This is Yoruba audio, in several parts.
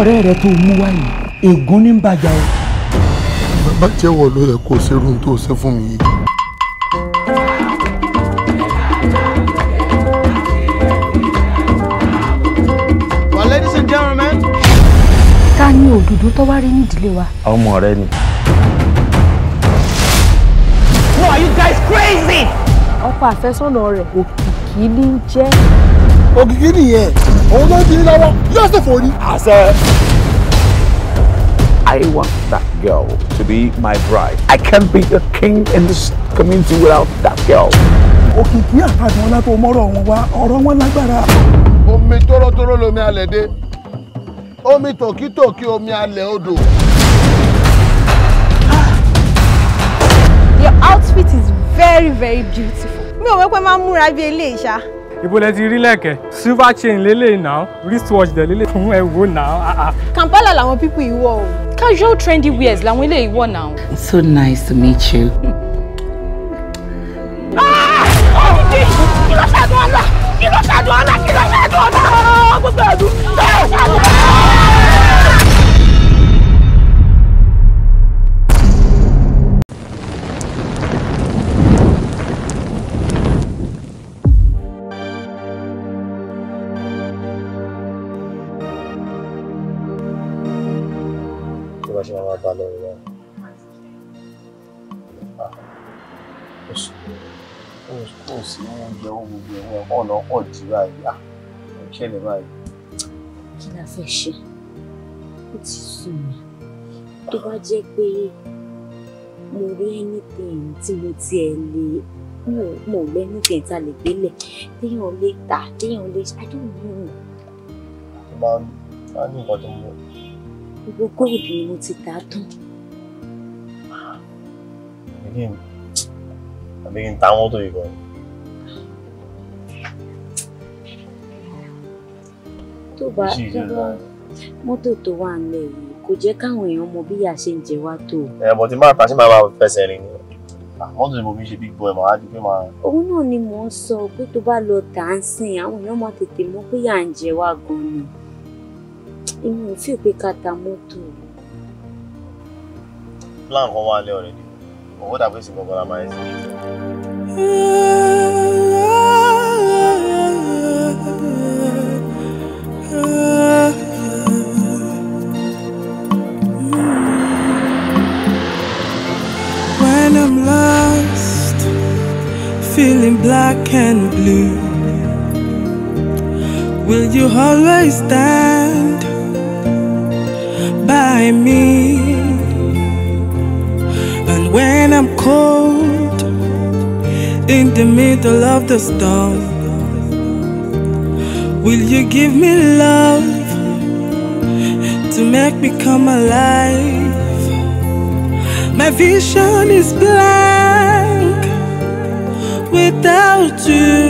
ọ̀rẹ́ rẹ tó mú wáyé ègún ní bàjá o. bàbá jẹ́wọ́ ló yẹ kó ṣerú tó ṣe fún mi yìí. Well, ladies and gentlemen. ta ni òdòdó tó wá rí nídìílé wa. ọmọ rẹ ni. No, are you guys crazy? ọkọ àfẹ́sọ́nà rẹ̀ òkìkí ní jẹ́. òkìkí nìyẹn òun ló di lọ́wọ́ yóò sì fò ní. àṣẹ. I want that girl to be my bride. I can't be a king in this community without that girl. Òkìkí àtàdùn ọlá mọ́rọ̀ wọn wá ọ̀rọ̀ wọn lágbára. Omi tórótóró lomi alẹ̀ dé. Omi tòkítòkí omi alẹ̀ odò. Your outfit is very very beautiful. Mi ò wẹ́ máa ń múra bí eléyìí ṣá ibo lẹ ti rí lẹ̀kẹ̀ silver chain lélẹ̀ náà wristwatch dẹ̀ lélẹ̀ fún ẹ̀wò náà. Ah, ah. Kampala làwọn pípọ̀ ìwọ o casual trendy wears làwọn ilé ìwọ náà. It's so nice to meet you. Ah! kí ló ṣàdùn ọ̀la kí ló ṣàdùn ọ̀la kí ló ṣàdùn ọ̀la gbogbo ẹ̀dùn. kò sí oúnjẹ ó gbogbo ẹ̀wọ̀n ọ̀nà ọ̀pọ̀ jù báyìí à ń ṣẹlẹ̀ báyìí. kí la fẹ́ ṣe ó ti sùn mí tó bá jẹ́ pé mo rí anything tí mo tiẹ̀ lè mo lẹ́ anything tá a lè gbélẹ̀ téèyàn lè tà téèyàn lè ṣe I don't know. máa ń ní nǹkan tó ń bọ̀. gbogbo gold ni mo ti ta tán. 되긴 안 되긴 당어도 이거 tó bá tó bá mọ́tò tó wà nílẹ̀ yìí kò jẹ́ káwọn èèyàn mọ bí ìyá ṣe ń jẹ wá tó. ẹ bọ̀ tí máa tàṣí máa máa fẹsẹ̀ rìn ni mọ́tò ni mo fi ṣe bí gbọ́ ẹ̀ máa di pé máa. òun náà ni mò ń sọ pé tó bá lọ tà á sìn àwọn èèyàn máa tètè mọ pé ìyá ń jẹ wá gan ni èmi ò pé ká ta mọ́tò. plan kan wà lẹ́ ọ̀rẹ́dì When I'm lost, feeling black and blue, will you always stand by me? when I'm cold in the middle of the storm? Will you give me love to make me come alive? My vision is blank without you.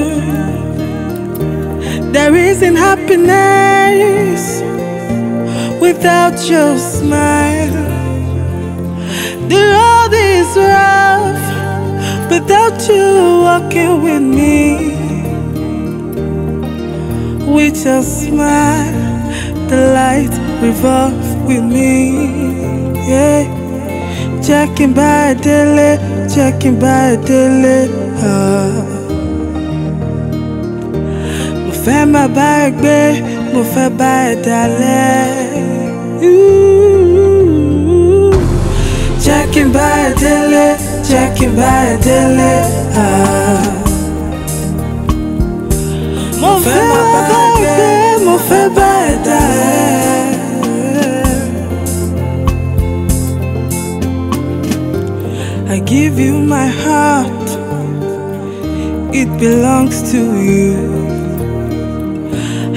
There isn't happiness without your smile. The walking with me with your smile the light revolve with me yeah checking by daily checking by daily uh. mo fẹ́ má bá ẹ gbé mo fẹ́ bá ẹ checking by daily checking by daily. I give you my heart, it belongs to you.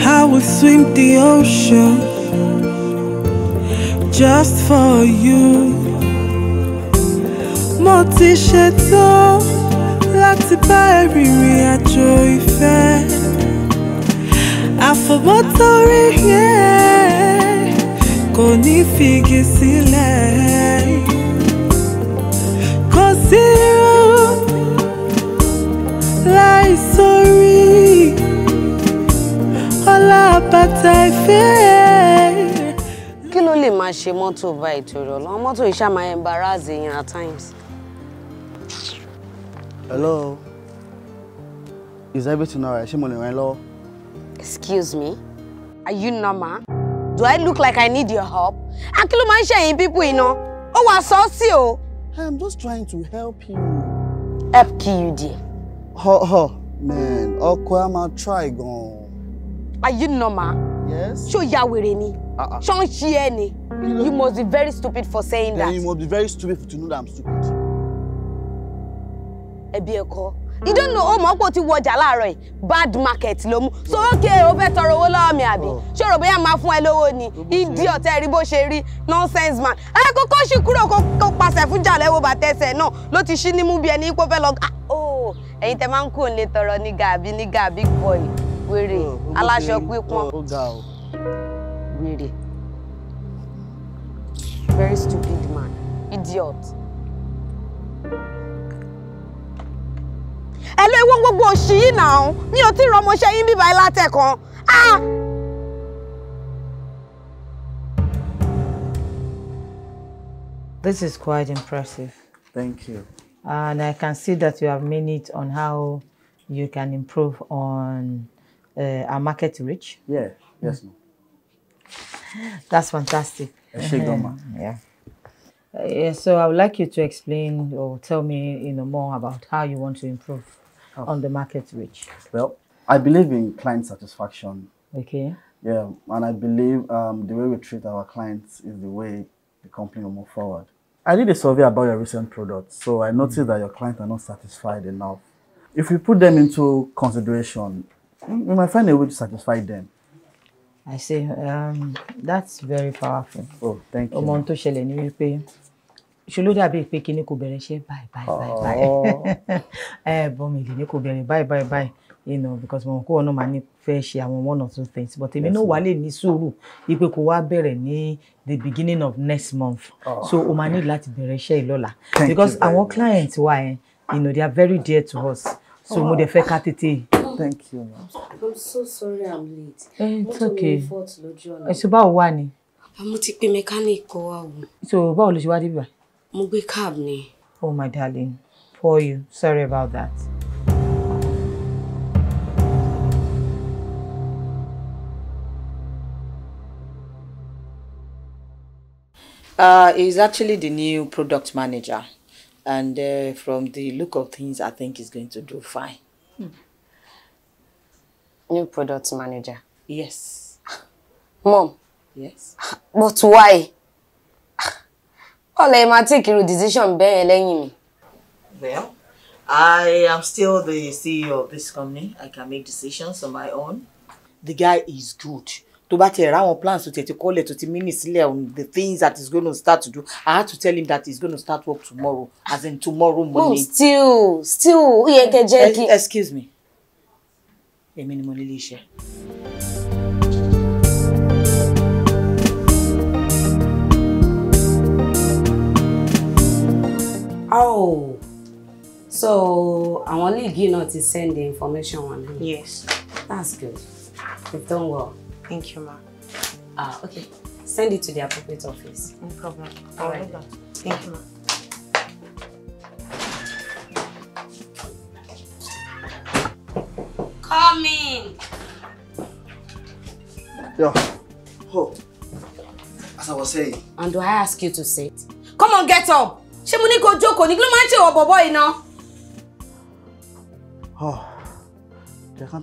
I will swim the ocean just for you. Mo ti bá ìrìn àjò ìfẹ́ àfọ̀mọ́tòrí yẹn kò ní figi sílẹ̀ kò sí irú láì sórí ọlá bàtà ìfẹ́ kí ló lè máa ṣe mọ́tò báyìí torí ọlọ́run mọ́tò yìí ṣàmáyé embarrass èèyàn at times. hello. Is everything alright? Ṣé mo lè ràn ẹ́ lọ́wọ́? Excuse me? Are you normal? Do I look like I need your help? Akilu máa ń ṣe ẹ̀yin pípù iná. Ó wà sọ́ọ̀sì o. I am just trying to help you. Help you KUD. Ho ho man, ọkọ a máa try gone. Are you normal? Yes. Show o ya wèrè ni? Uh-uh. Ṣé ń ṣí ẹ ni? You must be very stupid for saying that. Then you must be very stupid to know that I'm stupid. Ẹbí ẹ̀kọ́ you don't know ọmọ pò ti wọjà láàárọ̀ yìí bad market ló mú so okay o fẹ́ tọrọ owó lọ́wọ́ mi àbí oh. ṣòro bóyá máa fún ẹ lówó ni ìdí ọ̀tẹ́ rí bó ṣe rí nonsense man ẹ kókó ṣì kúrò kó pàṣẹ fún jàlẹ́ wo bàtẹ́sẹ̀ náà ló ti ṣí nímú bí ẹni pé ó fẹ́ lọ gà ó ah, oh, ẹ̀yin tẹ máa ń kó lè tọrọ ní gàbí ní gàbí boy wèrè oh, aláṣọ pípọn wèrè very stupid man idiot. gbogbo òṣì nà mi ò tí yín This is quite impressive. Thank you. And I can see that you have made it on how you can improve on uh, our market reach. Yeah, yes, mm. That's fantastic. yeah. Uh, yeah, so I would like you to explain or tell me, you know, more about how you want to improve oh. on the market reach? Well, I believe in client satisfaction. Okay. Yeah, and I believe um, the way we treat our clients is the way the company will move forward. I did a survey about your recent products, so I hmm. noticed mm that your clients are not satisfied enough. If you put them into consideration, we might find a way to satisfy them. I see. Um, that's very powerful. Oh, thank you. ṣe ló dàbí pé kíní kò bẹ̀rẹ̀ iṣẹ́ báyìí báyìí báyìí ẹ bọ́ mi lè ní kò bẹ̀rẹ̀ báyìí báyìí báyìí you know because mo kó ọ̀nà máa ní fẹ́ ṣe àwọn one or two things but èmi náà wà lè ní sùúrù wípé kò wá bẹ̀rẹ̀ ní the beginning of next month oh. so o máa ní láti bẹ̀rẹ̀ iṣẹ́ ìlọ́la because àwọn clients wa yẹn you know they are very dear to us so mo dẹ̀ fẹ́ ká tètè Thank you. Ma. I'm so sorry I'm late. Eh, it's okay. Mo tún mi fọ́ọ̀tì lójú ọ̀nà. Ẹ̀sùn eh, báwo wà ni? Àmú ti pe mẹkáníìkì wa wò. So báwo ló ṣe wá débi báyìí? Oh my darling, poor you. Sorry about that. Uh, he's actually the new product manager. And uh, from the look of things, I think he's going to do fine. Hmm. New product manager? Yes. Mom? Yes. But why? ọ̀lẹ́ ẹ máa take your decision bẹ́ẹ̀ yẹn lẹ́yìn mi. well i am still the ceo of this company i can make decisions on my own. the guy is good tó bá tiẹ̀ ráwọn plans to tiẹ̀ ti kọ́lẹ̀ tó ti mí on the things that is going to start to do i had to tell him that he's to start work tomorrow as in tomorrow oh, morning. Oh, still still ó yẹ kẹ́ jẹ́ excuse me èmi ni mo nílé iṣẹ́. Oh, so I'm only going to send the information on him. Yes. That's good. you have done well. Thank you, ma. Ah, okay. Send it to the appropriate office. No problem. All right. Thank you, ma. Come Yeah. Oh. As I was saying. And do I ask you to sit? Come on, get up. ṣé mo ní kó jókòó ní kí ló máa ń ṣèwọ bọ̀bọ̀ yìí oh,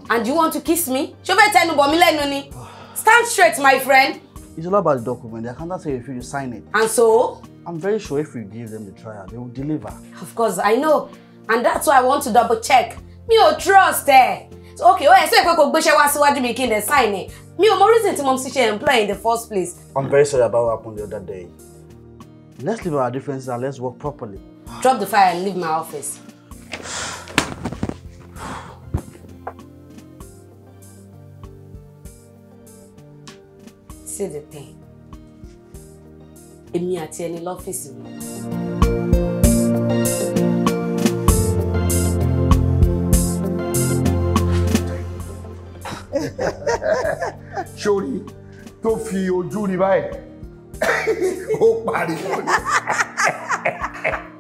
and you want to kiss me ṣé o fẹ́ tẹnu bọ̀ mí lẹ́nu ni stand straight my friend. it's all about the document the accountant say if you sign it. and so. i'm very sure if you give them the trial they will deliver. of course i know and that's why i want to double check mi ò trust ẹ so, okay ó yẹ sọ pé kò gbéṣẹ́ wá síwájú mi kí n dẹ̀ sign ẹ mi ò mọ reason tí mo ti ṣe employ in the first place. i'm very sorry about what happened the other day. Let's leave our differences and let's work properly. Drop the fire and leave my office. See the thing. Èmi àti ẹni office. mi. Ṣorí tó fi ojú rí báyìí. whole party. well,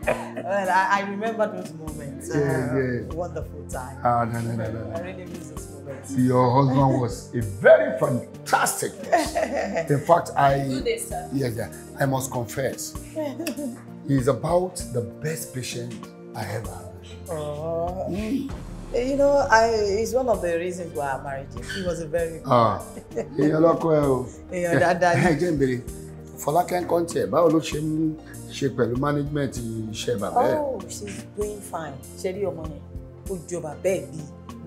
I, I, remember those moments. Yeah, uh, yeah. Wonderful time. Ah, no, no, no, no. I really miss those moments. Your husband was a very fantastic person. In fact, I. Do this, sir. Yeah, yeah. I must confess, he's about the best patient I ever had. Oh. Mm. You know, I it's one of the reasons why I married him. He was a very good ah. man. Èèyàn lọ́kọ well. o. your ni. Ẹ jẹ́ ìbéèrè. Fọlákẹ́ ńkọ́ tiẹ̀ báwo ló ṣe ń ṣe pẹ̀lú management iṣẹ́ bàbá ẹ̀. oh she is doing fine ṣe rí ọmọ yẹn ó jọ bàbá ẹ̀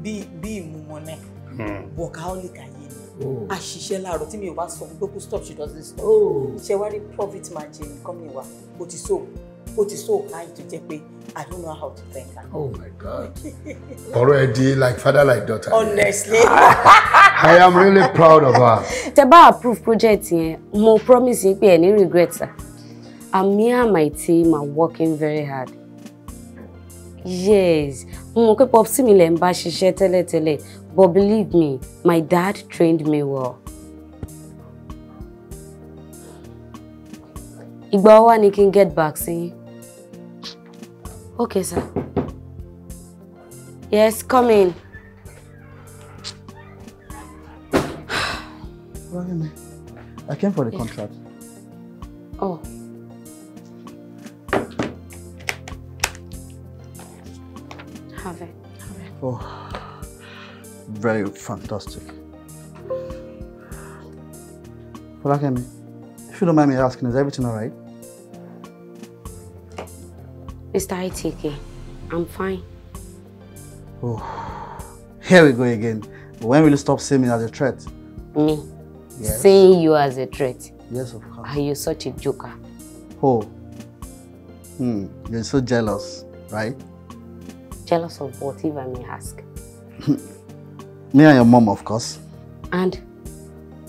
bíi bíi ìmúmọ náà hmm. workaholic ayé ni oh. àṣìṣe láàárọ̀ tí mi ò bá sọ pé kó stop she doesn't stop oh. ṣe wá rí profit margin company wa ó ti so ó ti so high to jẹ́ pé I don't know how to thank her. oh my god ọ̀rọ̀ ẹ̀ di like father like daughter. honestly. I am really proud of her. Tẹ́ bá approve project yẹn, mo promise yín pé ẹ ní regret sir. And me and my team are working very hard. Yes, mo mọ̀ pé pop sí mi lẹ̀ ń bá ṣiṣẹ́ tẹ́lẹ̀tẹ́lẹ̀ but believe me, my dad trained me well. Ìgbà wa ni kí n get back sí yín. Okay sir. Yes, come in. I came for the contract. Oh. Have it. Have it. Oh, very fantastic. Ragame, if you don't mind me asking, is everything all right? Mr. ITK, I'm fine. Oh, here we go again. When will you stop seeing me as a threat? Me yes. seeing you as a threat. Yes, of course. Are you such a joker? Oh, hmm. you're so jealous, right? Jealous of what, if I may ask? me and your mom, of course. And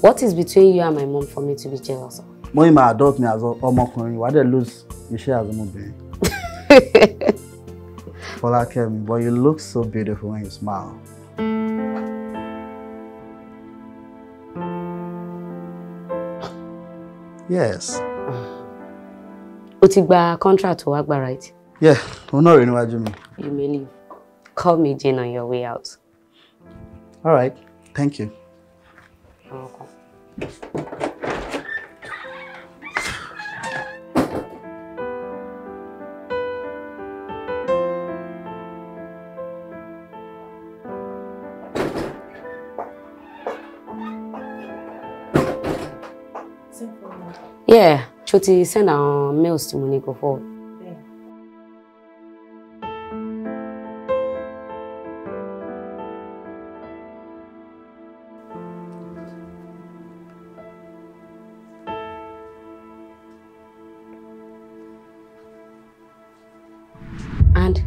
what is between you and my mom for me to be jealous of? Mo my adult me as ọmọkùnrin, why they lose share as like, Fọlákẹ́mi, but you look so beautiful when you smile. Yes. O ti gba contract to wá gbà right? Yeah, òun náà rí níwájú mi. You may leave. Call me Jane on your way out. All right, thank you. You're welcome. Choti send àwọn mails to mo ní go And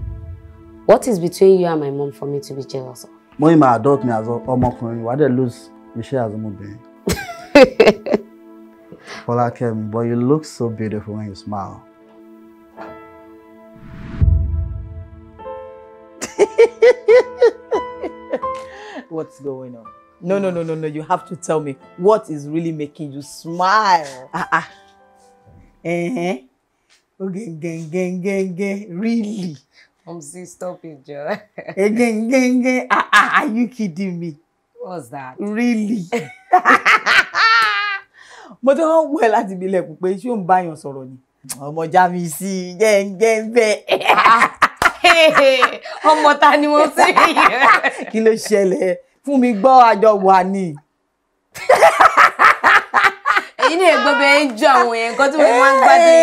what is between you and my mom for me to be jealous of? Mo ma adult me as ọmọkùnrin, wá dẹ̀ lose iṣẹ́ as ọmọbìnrin. Folakem, but you look so beautiful when you smile. What's going on? No, no, no, no, no. You have to tell me what is really making you smile. Ah, ah. Eh, uh-huh. eh. Oh, again, again, again, again. Really? I'm Omsi, stop it, Joe. again, eh, again, again. Ah, ah, are you kidding me? What's that? Really? mo tó ń wẹ̀ láti ibi ilẹ̀kùn pé ṣé òun báyàn sọ̀rọ̀ ni ọmọ jami sí i jẹ́ǹjẹ́ bẹ́ẹ̀. ọmọ ta ni mo sí. kí ló ṣẹlẹ̀ fún mi gbọ́ àjọ wà ni. èyí ni ègbò bẹ́ẹ̀ ń jọ àwọn èèyàn kan tí mo máa ń gbádùn nínú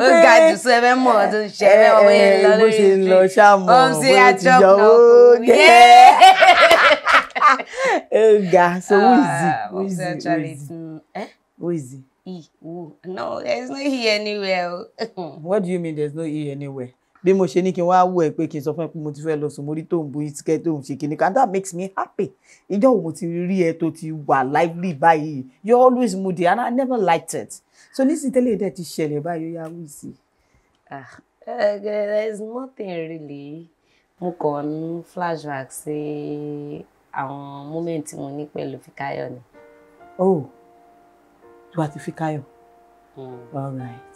mi ó ga jù sọ ẹ fẹ́ mọ̀ ọ́ tó ń ṣe ẹ fẹ́ ọmọ lọ lórí ìfẹ́ ọmọ sí àjọpọ̀ ó ga so wíìzì wíìzì wíìzì. Who is he? He. Who? No, there's no he anywhere. What do you mean there's no he anywhere? bí mo ṣe ní kí n wá wò ẹ pé kí n sọ fún ẹ pé mo ti fẹ́ lọ sùn mo rí tó bu itikẹ́ tó ṣe kíní kan and that makes me happy ìjọ wo mo ti rí ẹ tó ti wà lively báyìí you always moody and I never liked it so nísìnyí tẹ́lẹ̀ dẹ̀ ti ṣẹlẹ̀ báyìí ó yá wí sí. Ah, eh, there is nothing really mo kàn ń flashback sí àwọn moment mo ní pẹ̀lú Fikayo ni. oh tó bá ti fi káyọ̀ hmm. all right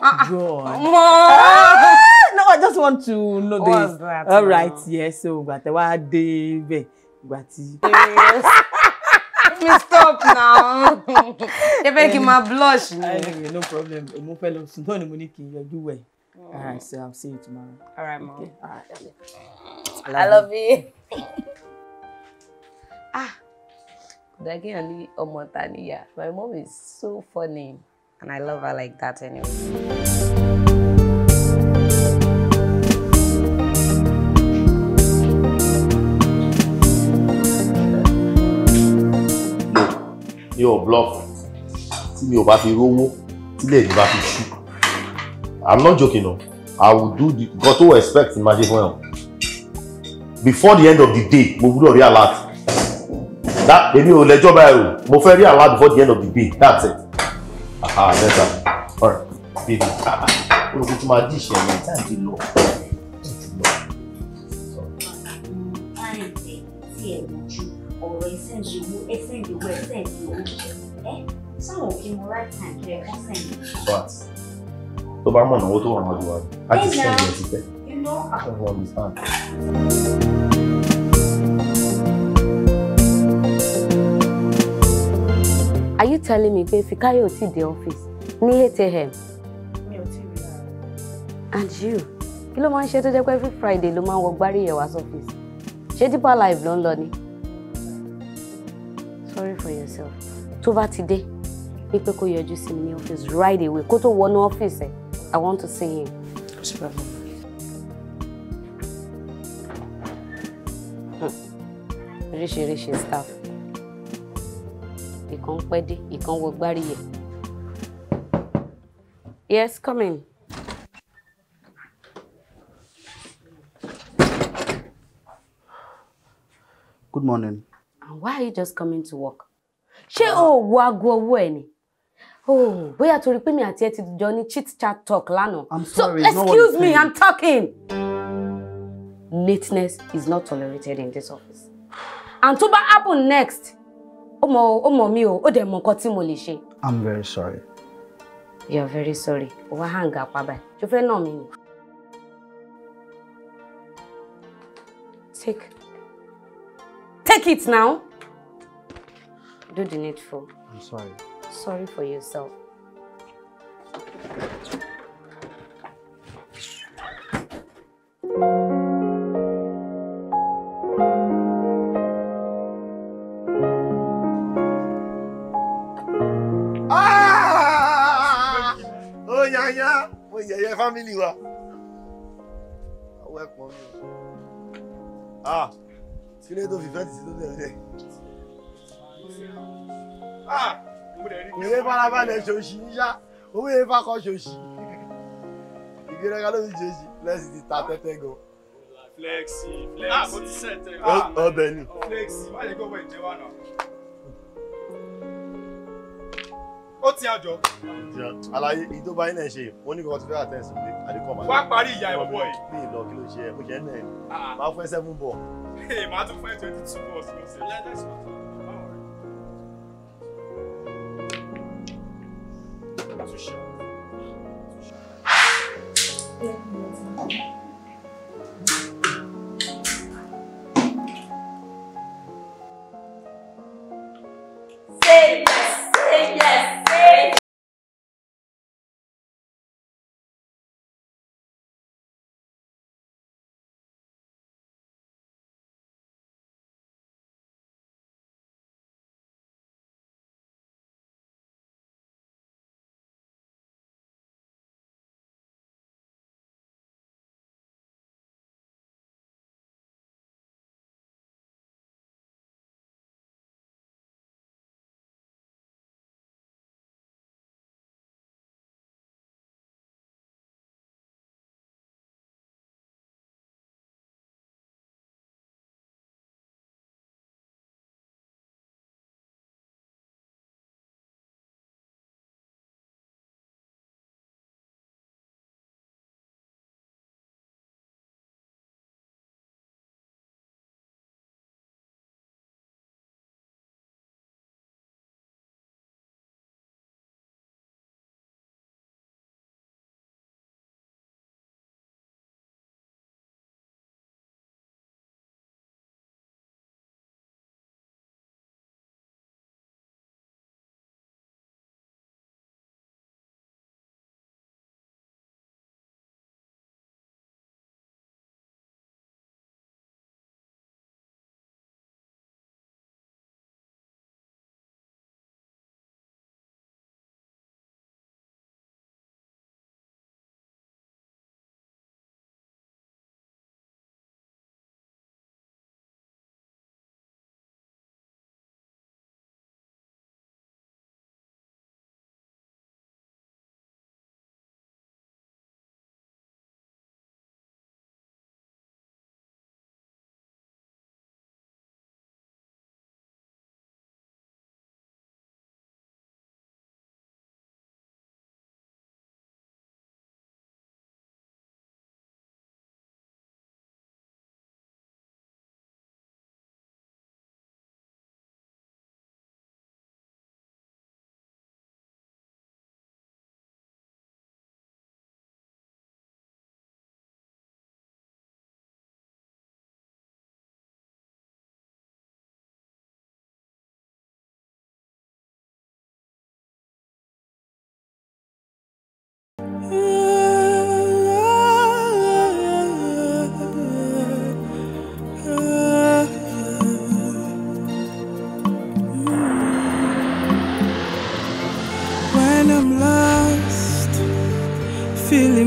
ah, ah. draw no i just want to know this all right yes so ìgbà tẹ wá dé bẹ̀ ìgbà tí. me stop now. Ẹ fẹ́ kí n blush ni. Anyway, no problem. Mo fẹ́ lọ sùn náà ni mo ní kí n yọjú wẹ̀. All right, so I'll see you tomorrow. All right, mom. Okay. All right. I love, I love you. ah. Dagian Ali Omotaniya. My mom is so funny and I love her like that anyway. ní bluff. See mi ò bá fi rówó tílẹ̀ mi bá fi I'm not joking o no. I will do the nǹkan tó expect ma ṣe fún before the end of the day we will rí alert That èmi ò lẹ́jọ́ báyìí o mo fẹ́ rí àwa before the end of the day that's it. Ah, aha lẹ́tà ọ̀rẹ́ bèbè olùkó tó máa dí ìṣẹ̀lẹ̀ ní táǹtì lọ. but tó bá mọ̀nà owó tó wà mọ́jú wa láti sẹ́yìn ẹ̀ ti tẹ́. You know, I don't understand. are you telling me pé Fikayo ò tíì dé office ní eight a.m. mi ò tíì rí and you kí ló máa ń ṣe tó jẹ́ pé every Friday ló máa ń wọ gbárí ìyẹ̀wò office ṣé Deeper Life ló ń lọ ni. sorry for yourself tó bá ti dé wípé kó yọjú sí mi ní office right away kó tó wọnú office ẹ I want to see him. kò sí problem. Hmm. oríṣiríṣi staff ìkan pẹ́ dé ìkan wọ gbárí yẹ. yes come in. good morning. and why are you just coming to work. ṣé o wo aago owó ẹ ni. Oh, bóyá torí pé mi àti ẹ ti jọ ní chit chat talk lánàá. I'm sorry. So excuse me, I'm talking. Lateness is not tolerated in this office. And tó bá happen next, ó mọ ó mọ mi o ó dẹ̀ mọ nǹkan tí mo lè ṣe. i'm very sorry. You're very sorry ó wá hàn gà pàbà tó fẹ́ nà mí take take it now do the needful. i'm sorry. sorry for yourself. mo yẹ̀yẹ́ fámìlì wa ọwọ́ ẹ̀pọ̀n mi o ah, kí ló tó fi fẹ́ǹtì sí tó bẹ̀rẹ̀ dẹ̀. ìwé farabalẹ̀ ṣòṣì ń ṣá owó yẹn fakọ ṣòṣì ìgbéraga ló fi ṣòṣì lẹ́sìn ti ta tẹ́tẹ́ gan flexi ah, flexi ah mo ti sẹ tẹ ah, ọbẹ ni flexi má lè gbọ́ bọ̀ ìjẹ́wà náà. ó ti àjọ. alaye èyí tó bá yín náà ṣe ó ní kókó tó fẹ́ àtẹ̀sí pé àdìkọ́ máa. wá parí ìyá ẹ̀wọ̀ bọ̀ yìí. bí ìlọ kí ló ṣe ẹ bó ṣe ẹ náà ah. máa fún ẹ seven ball. máa tún fún ẹ twenty two balls lọ́sẹ̀.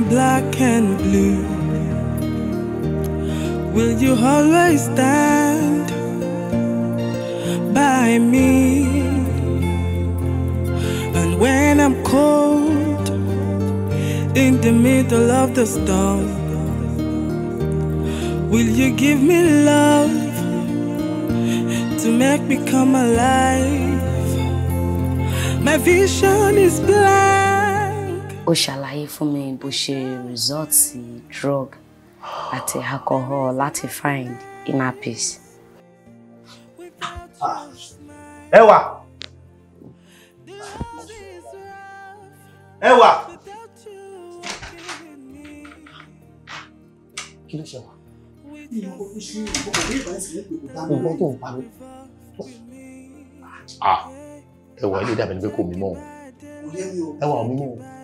black and blue? Will you always stand by me? And when I'm cold in the middle of the storm, will you give me love to make me come alive? My vision is blank. Oshala. fún mi bó ṣe rìsọ́ọ̀tì drug àti alcohol láti find inner peace. Ah. ẹwà ẹwà kí ló ṣe wà. nǹkan tó ń pa mí. Ah, ẹwà ilé dàbẹ̀ ni pé kò mímọ́ o ẹwà ò mímọ́ o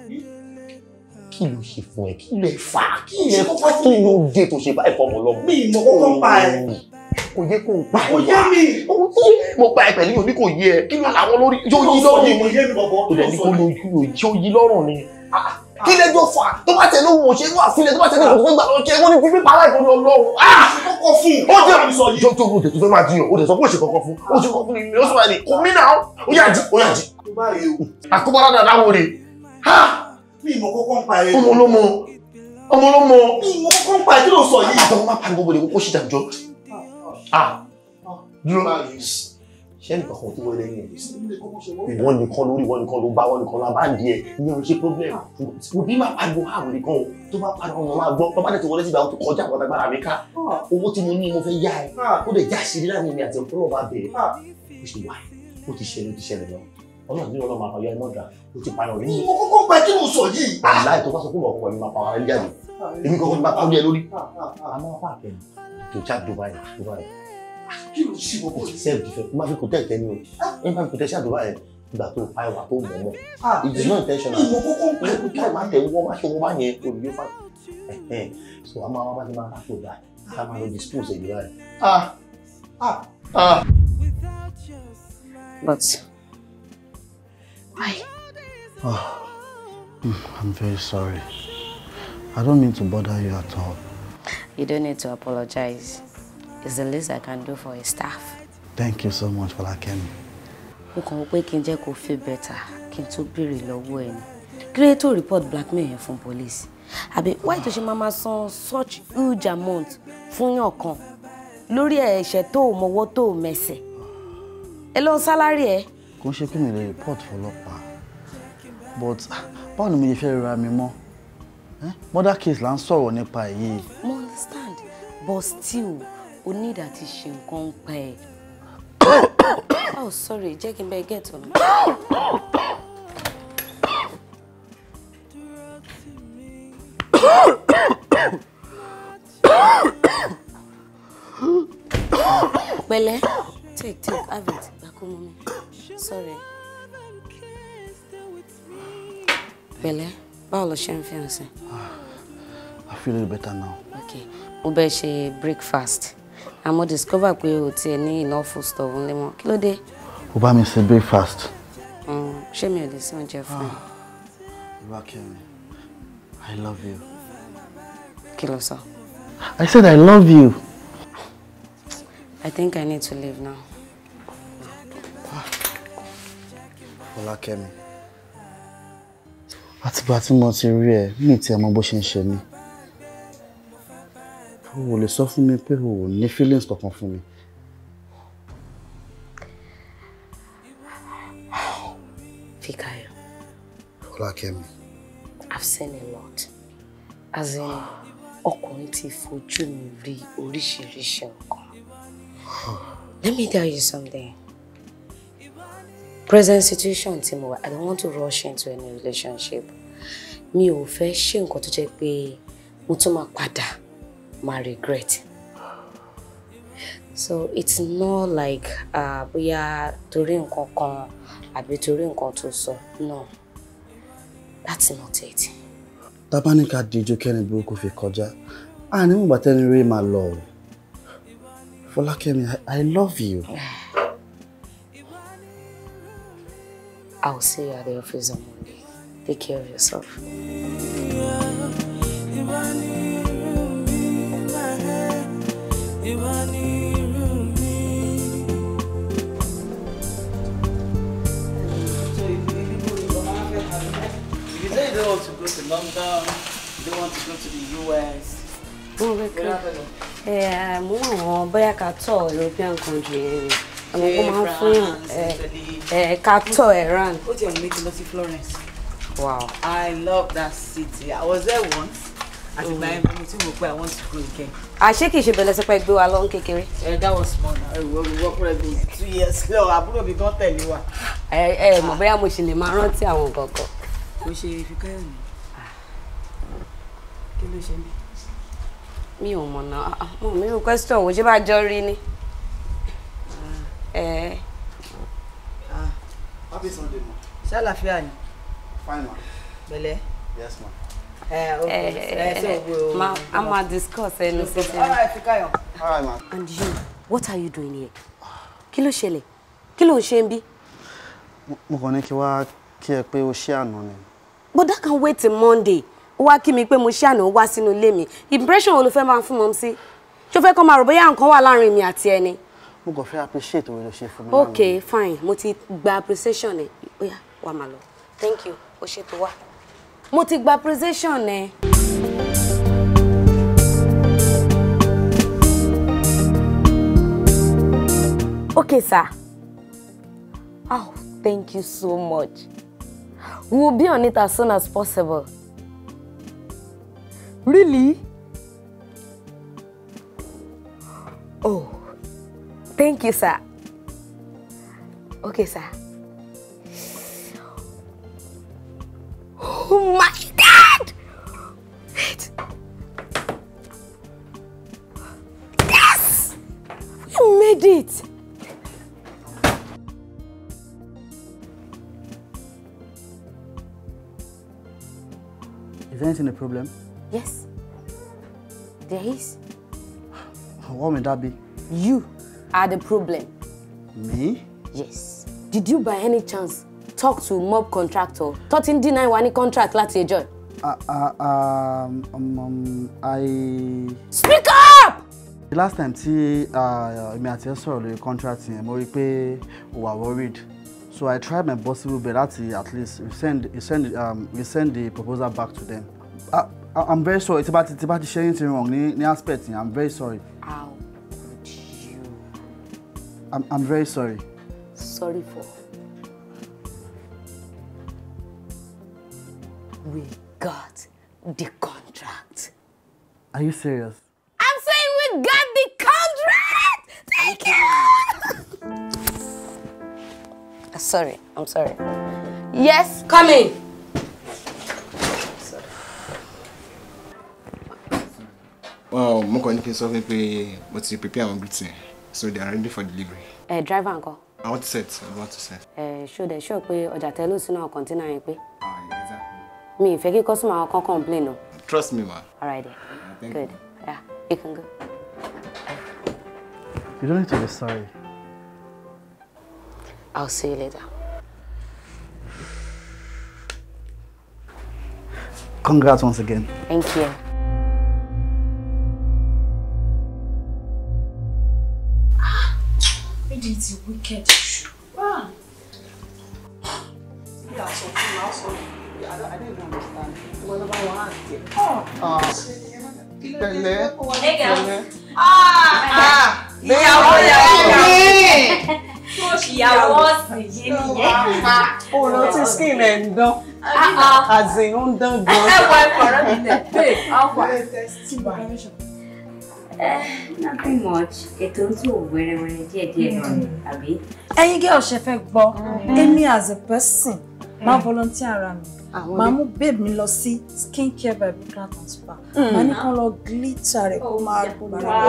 kí ló ṣe fún ẹ kí ló fà á kí yẹn kọ́kọ́ fún mi. kí ló dé tó ṣe báyìí fọmọ lọ. mi ìmọ̀ kọ́kọ́ pa ẹ̀. kò yẹ kó o pa ẹ̀. kò yẹ mi. mo pa ẹ pẹ̀lú òní kò yẹ ẹ kí ló làwọn lórí yóò yí lọ́rùn ni. kò dẹ̀ ní kó lójú rẹ̀ yóò yí lọ́rùn ni. Ah, ah. kí lẹ́jọ́ fà tó bá tẹ̀lé òun òṣèré wà fílẹ̀ tó bá tẹ̀lé òun gbà lọ́kẹ́ wọ́n ní fífi pàrọ̀ ìfọ̀nù ọlọ́run. kọ́kọ́ ah! fún un. ó jẹ́ mi sọ o tẹ̀ tó fẹ́ máa jiyàn o tẹ̀ sọ pé ó ṣe kọ́kọ́ fún ó ṣe kọ́kọ́ fún ni ó sọ wà ní kò mí náà ó yà jí ó yà jí mi ìmọ̀ kọ́kọ́ ọmọ ọlọ́mọ ọmọ ọlọ́mọ. pa ẹ sọ yìí. àtàwọn máa pariwo wọlé kókó ṣìjà jọ. Ah. Ah. dúró ṣé ẹnì kankan tó wọlé yẹn ìwọ nìkan lórí ìwọ nìkan ló bá wọn nìkan ló bá ń di ẹ ní ọ̀n ṣe problem òbí máa pariwo ààrùn nìkan tó bá pariwo ọmọ máa gbọ́ bàbá tètè wọlé síbi àwọn tó kọjá àwọn agbára ká owó ọlọ́run ní ọlọ́run àpàyọ ẹ mọ̀dà ó ti parọ́ rí. mo kọ́kọ́ gba kí mo sọ yìí. àlá ètò bá sọ fún ọkọ pẹ̀lú màpá ara jáde èmi kọ́kọ́ máa kọ́ ní ẹ lórí. àmọ́ apá àkẹ́yìn tó já Dubai Dubai. kí ló ṣe bọ́bọ́ yìí. sẹ́ẹ̀ ti fẹ́ kó má fi kò tẹ́ ìtẹ́ ní o ẹ má fi kò tẹ́ ṣá Dubai ìgbà tó fa ìwà tó mọ̀ mọ́ ah, it is not intentional. ìmọ̀ kọ́kọ́ pẹ̀lú kò tẹ́ ìwà tẹ̀ wọ́n má ṣe wọ́n bá yẹn olùyẹ fa so àmọ́ àwọn bá ti Why? Oh, I'm very sorry. I don't mean to bother you at all. You don't need to apologize. It's the least I can do for a staff. Thank you so much, for Mo kàn wọ́n pé kí n jẹ́ kó feel better kí n tó béèrè lọ́wọ́ ẹ̀ report blackmail from fún police. Àbí why does your mama ma such huge amount for your con? lórí ẹ̀ṣẹ̀ tó mọwọ́ tó mẹsẹ̀. Ẹ lọ sálárì ẹ̀ kò ń ṣe pé mi lè report fọlọ́pàá but báwo ni mo lè fẹ́ rira mi mọ́ murder case là ń sọ̀rọ̀ nípa èyí. mo understand but still o need àti ṣe nǹkan ń pa oh sorry jẹ́ kí n bẹ́ẹ̀ get on. pẹ̀lẹ́ take take have gbàgbọ́ mọ́ sorry. pẹ̀lẹ́ How are you feeling? I feel a little better now. okay mo bẹ ṣe breakfast àmọ́ discover pé o tiẹ̀ ní enough food stuff ńlẹ mọ́ kí ló dé. o bá breakfast. Mm, ṣé mi ò lè sí oúnjẹ fún ah, I love you. Kí ló I said I love you. I think I need to leave now. Fọlákẹ́mi àtìgbà tí mo ti rí ẹ mi ti ọmọ bó ṣe ń ṣe mí o lè sọ fún mi pé o ò ní feelings kankan fún mi. Fikayo. Fọlákẹ́mi. I've seen a lot. As in, ọkùnrin ti fojú mi rí oríṣiríṣi nǹkan. Let me tell you something present situation tí mo wà i don't want to rush into any relationship mi ò fẹ́ ṣe nǹkan tó jẹ́ pé mo tún máa padà máa regret so it's not like bóyá torí nǹkan kan àbí torí nǹkan to so. no that's not it. tábánikà díjú kẹ́ni burúkú fi kọjá a ní mọ̀gbà tẹ́ni rí máa lọ o Fọlákẹ́mi i love you. I'll see you at the office on Monday. Take care of yourself. say you don't want to go to London, you don't want to go to the US. Oh, okay. Yeah, I'm but I can tell European country. Eh. àwọn ọkọ máa ń fún yàn ẹ ká tọ ẹ ran. ó ti ẹ̀ méjì lọ sí Florence. wow I love that city I was there once àti gba ẹnu tí mo pé I want to go again. àṣé kìí ṣe bẹ̀rẹ̀ sí pé gbé wa lọ́n kékeré. ẹ eh, that was small na ẹ̀rù ọ̀rù wọ́pọ̀ rẹ̀ bí two years lọ àbúrò mi gan tẹ̀lé wa. ẹ ẹ mọ̀ ah. bóyá mo ṣì lè máa rántí àwọn nǹkan kan. mo ṣe ìfikẹ́ mi ah. kí ló ṣe mí. mi ò mọ̀ náà ah, mo mi ò question wo ṣé bá jọ rí ni ẹ. Eh. Ah. happy sunday ma. ṣé àlàáfíà ni. fine ma. bẹ̀lẹ̀. yes ma. ẹ ẹ ẹ ẹ ma a discuss ẹ lọ sí ma. and you what are you doing here. Kilo ló Kilo kí ló ń ṣe ń bí. mo kàn ní but that can wait till monday wá kí mi pé mo ṣé àná wá impression wo ló Chofe máa fún mọ́ sí ṣó mi àti mo kàn fẹ́ appreciate òwe ló ṣe fún mi. ok fine mo ti gba appreciation ẹ oya wà má lọ thank you o ṣe tó wá mo ti gba appreciation ẹ. ok sir oh thank you so much we will be on it as soon as possible really oh. Thank you, sir. Okay, sir. Oh my god! Wait. Yes! We made it! Is there anything a problem? Yes. There is. What may that be? You. are the problem. Me? Yes. Did you by any chance talk to mob contractor tó ti ń deny wa ní contract láti ẹjọ́? Uh, uh, um, um, I... Speak up! The last time tí uh, èmi àti ẹ sọ̀rọ̀ lórí contract yẹn mo rí i o wà worried so I tried my possible best láti at least resend resend um, resend the proposal back to them. I, ah, I'm very sorry tí bá ti tí bá ti ṣe anything wrong ní ní aspect yẹn I'm very sorry. Ow. I'm, I'm very sorry. Sorry for? We got the contract. Are you serious? I'm saying we got the contract! Thank you! sorry, I'm sorry. Yes, come in. Well, mo kàn ní kí n sọ fún pé mo ti prepare àwọn greeting so they are ready for delivery. ẹ eh, driver Uncle. i want to set i want to set. ẹ ṣó dẹ ṣó pé ọjà tẹló sínú àwọn kọ́ńtínà yẹn pé. Ah, mi ì fẹ́ kí customer àwọn kan complain o. trust me ma. Alrighty. right then good you. yeah you can go. you don't need to be sorry. i'll see you later. Congrats once again. Thank you. did the wicked Ah. Yeah, so now so I I don't understand. Well number one. Oh. Pẹ̀lẹ́. Pẹ̀lẹ́. Ah ah. Ìyàwó ah. ah. ọ̀sìn yìí nìyẹn. O lọ ti skin ah ń Ah, ah. ń dán gan. Ẹ wọ ẹ̀kọ́ rẹ̀ nílẹ̀. Bẹ́ẹ̀ ah, wà. Bẹ́ẹ̀ tẹ́sítì Eh, not very much ètò ń tó wẹ́rẹ́wẹ́rẹ́ díẹ̀díẹ̀ náà ni àbí. ẹ̀yin gẹ́ ọ̀sẹ̀ fẹ́ gbọ́ mm. èmi as a person máa volunteer ara mi Ah, màá mú babe mi lọ sí skin care by Bukka and spa màá ní kán lọ glitter rẹ̀ kó oh, máa kó máa dán.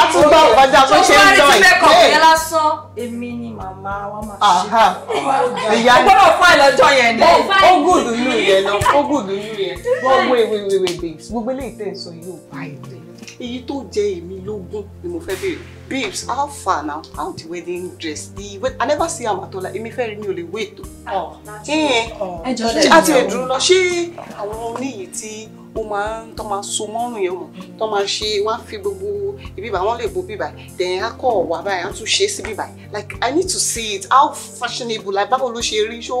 àtúgbà ọjà tó ṣe ń dán yìí. ọmọ rẹ lásán èmi ni màmá wa máa ṣe. ìyá mi gbọ́dọ̀ fún àìlọ́jọ́ yẹn ni ó gùdù yù yẹn lọ ó gùdù yù yẹn gbogbo ìwé ìwé ìwé gbogbo eléyìí tẹ̀ sọ yóò bá ìwé èyí tó jẹ èmi lógún ni mo fẹ́ béèrè babes how far now how the wedding dress the wed i never see am at all èmi fẹ́ rí mi ò lè wait o. ẹ jọ ṣe àti ẹ̀dùn lọ ṣé àwọn oníyìí tí ó máa ń tọ́ máa so mọ́rùn yẹn mọ̀ tọ́ máa ṣe wá fi gbogbo ibìbà wọn lè bo bíbà then akọ wà báyìí á tún ṣe é sí bíbà like i need to see it how fashionable like báwo ló ṣe rí ṣó. So,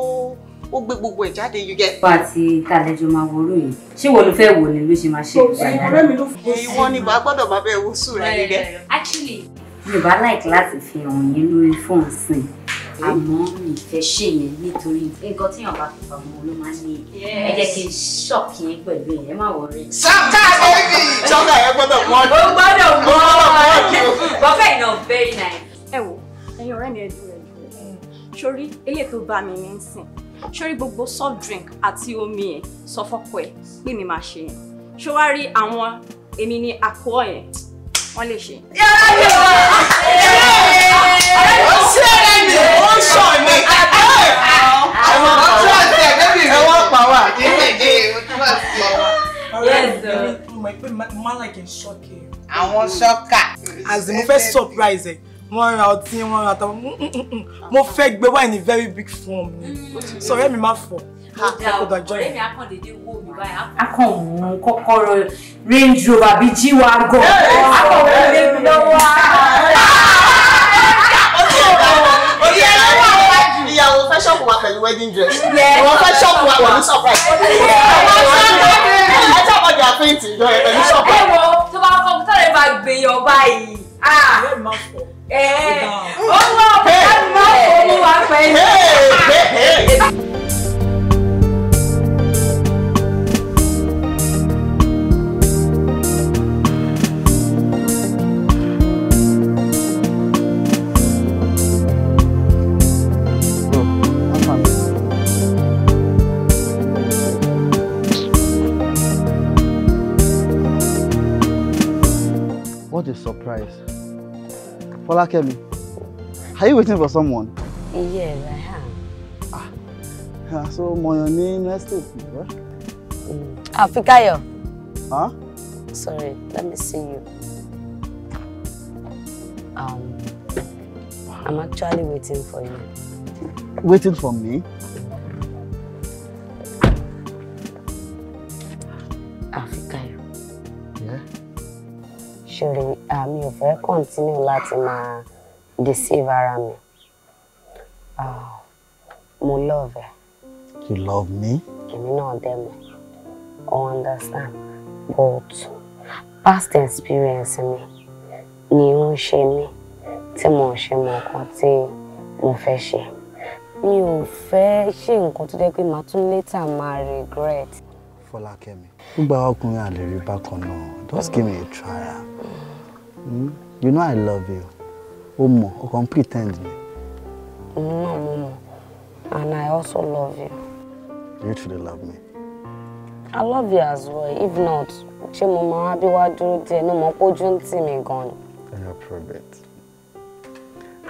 ó gbé gbogbo ẹ̀ jáde you get. wà á ti tàlejò máa worú yìí ṣé wo ló fẹ́ wò ni ló ṣe máa ṣe ìgbà náà. ìwọ ni bàá gbọ́dọ̀ máa bẹ́ẹ̀ wo sùn rẹ̀ you get. actually mi ò bá like láti fi hàn yín lórí fóònù sí i àmọ́ mi fẹ́ ṣe yẹn nítorí nǹkan tí bá fi pamọ́ ló máa ní ẹ jẹ́ kí n ṣọ́ọ̀kì yín pẹ̀lú ìyẹn má wọlé. sáká bẹ́ẹ̀ni ìjọba ẹ gbọ́dọ̀ mọ́ ọdún. ó gbọ́dọ̀ mọ́ ọdún. bọ́fẹ̀ iná very nice. ẹ wo ẹ̀yin ọ̀rẹ́ mi ẹ dúró ẹ dúró sórí eléyìí tó bá mi ní sìn ṣórí gbogbo soft drink àti omi ẹ̀ sọ fọ́kọ ẹ̀ pé mi máa ṣe yẹn ṣó wá rí àwọn èmi ní àkó yẹn wọ́n lè ṣe. yàrá mi ò ó ṣe é ní ó sọ ní àwọn ọtí àti ẹgbẹ́bí rẹ wọ́n pa wá kí ẹ jẹ ojúmọ̀ sí ọ. ọ̀rẹ́ mi mọ̀ pé mọ́lá kì í ṣọ́ọ̀kì. àwọn ṣọ́ọ̀kà. àzìmú fẹ́ surprise ẹ̀ wọ́n ra ọtí wọ́n ra tàbí mo fẹ́ gbé wáyé ní very big form ni sọ̀rọ̀ mi máa fọ̀ ọ̀rẹ́ mi akọ̀dédé wò mí báyìí akọ̀wọ̀n kọ́kọ́rọ̀ Range Rover bíi G-Wagon akọ̀wọ̀n lè mi lọ́wọ́ ìyàwó fẹ́ ṣọ́ọ̀bù wa pẹ̀lú wedding dress ìwọ fẹ́ ṣọ́ọ̀bù wa pẹ̀lú surprise ẹ ṣọ́ọ̀bù ọjà fẹ́ǹtì pẹ̀lú surprise máa gbèyàn báyìí. ẹ ah! máa fọ. owó ọ̀pọ̀ láti máa fọ owó wa pẹ̀lú. What a surprise. Folakemi, are you waiting for someone? Yes, I am. Ah, ah so my name is. Mm. Ah, Fikayo. Huh? Sorry, let me see you. Um, I'm actually waiting for you. Waiting for me? mi ò fẹ́ kọ́ntínú láti máa deceive ara mi. Uh, mo love ẹ. You love me? Èmi náà dẹ̀ I understand. But past experience mi ni ó ń ṣe mí tí mo ṣe mọ nǹkan tí mo fẹ́ ṣe. Mi ò fẹ́ ṣe nǹkan tó jẹ́ pé màá tún later máa regret. Fọlákẹ́mi. Gbogbo ọkùnrin àlè rí bákan náà. Just give me a try. Mm. Mm? You know I love you. Omo, mọ̀, o pretend ni. No, mo mọ̀. And I also love you. You truly love me. I love you as well. If not, ṣé mo máa bí wá dúró no ní mo pójú ń tì mí gan ni. Ẹ̀yà private.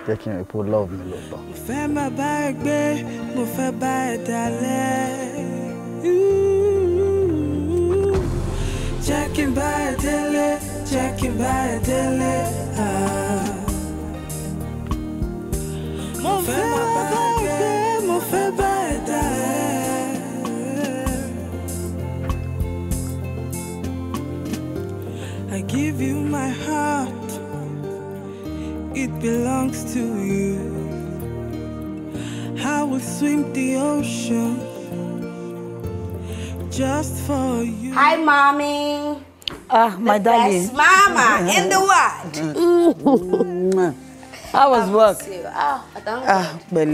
Jẹ́ kí n love me lọ́tọ̀. Mo fẹ́ máa bá ẹ gbé, mo fẹ́ bá ẹ checking ah. má give you my heart, it belongs to you. I will swim the ocean just for you. Hi, mommy. Ah, my the darling. Best mama in the world. How was work? Ah, ah, My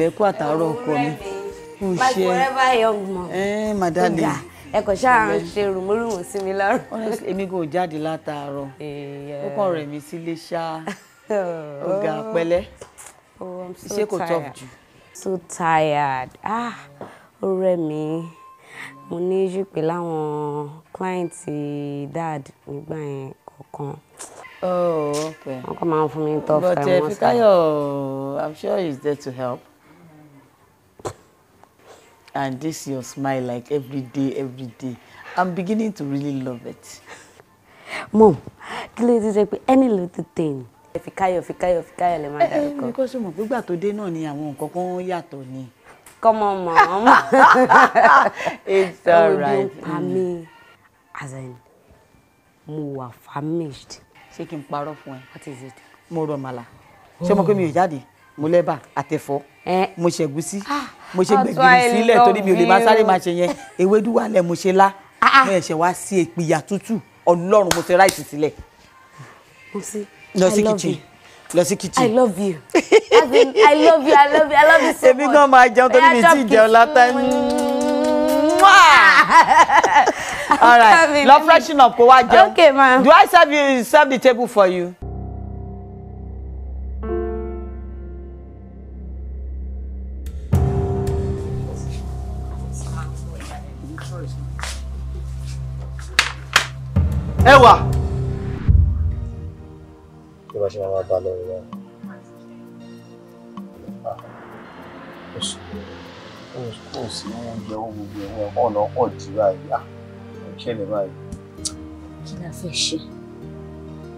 forever young mom. Eh, my darling. Ẹ kò ṣáà ń ṣe rùmúrùmù sí mi èmi kò jáde eh, Ó kàn sílé ṣá. Eh. Oh, kò jù. So tired. Ah, ó mo ní issue pẹ̀lú àwọn dad nígbà yẹn kọ̀ọ̀kan. Oh, wọ́n kàn máa ń fún mi tough time eh, once. but Fikayo i'm sure he's there to help. and this your smile like every day every day i'm beginning to really love it. mom kí ló ti ṣe pé any little thing. Eh, Fikayo Fikayo Fikayo lè máa eh, dárúkọ. ẹ ẹ mi kọ́ sọ mọ̀ pé gbà tó dé náà ni àwọn nǹkan kan yàtọ̀ ni. Come on, mom. it's all right. Don't pa mí. As in, mo wà famished. Ṣé kí n parọ́ fún What is it? More rọ màlà. Ṣé mo pé mi ò jáde? Mo lẹ́bà àtẹ̀fọ́. Mo ṣẹ̀gúsí. Mo ṣe ah, gbẹ̀gìrì sílẹ̀ torí mi ò lè máa sáré máa ṣe yẹn. Ewédú wà lẹ̀ mo ṣe lá. Ah, ah. Mo ẹ̀ṣẹ̀ wá sí èpìyà tútù. Ọlọ́run mo you lọ sí kitchen. i love you i love you i love you i love you so much. èmi gan máa jẹun torí mi ti jẹun látàn. all right lọ freshen up kó wá jẹun. okay ma. do i serve you serve the table for you. Ẹwà. Hey, bá ṣe máa bá lọ rẹ kò sí oúnjẹ gbogbo ẹ̀wọ̀n ọ̀nà ọ̀pọ̀ jù báyìí à ń ṣẹlẹ̀ báyìí. kí la fẹ́ ṣe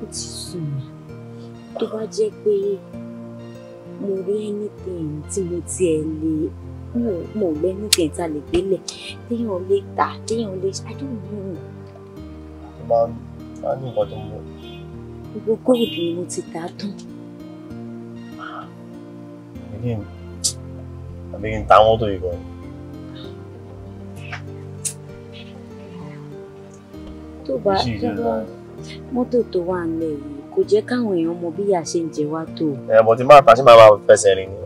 ó ti sùn mí tó bá jẹ́ pé mo rí anything tí mo tiẹ̀ lè mo ò lẹ́nu tí ìta lè gbélé téèyàn lè tà téèyàn lè ṣáájú mi. mo máa ń ní nǹkan tó ń gbogbo gold ni mo ti ta tán. àbí kí n ta mọ́tò yìí gan. tó bá mọ́tò tó wà nílẹ̀ yìí kò jẹ́ káwọn èèyàn mọ bí ìyà ṣe ń jẹ wá tó. ẹ bọ̀ tí máa ta sí máa fẹsẹ̀ rìn ni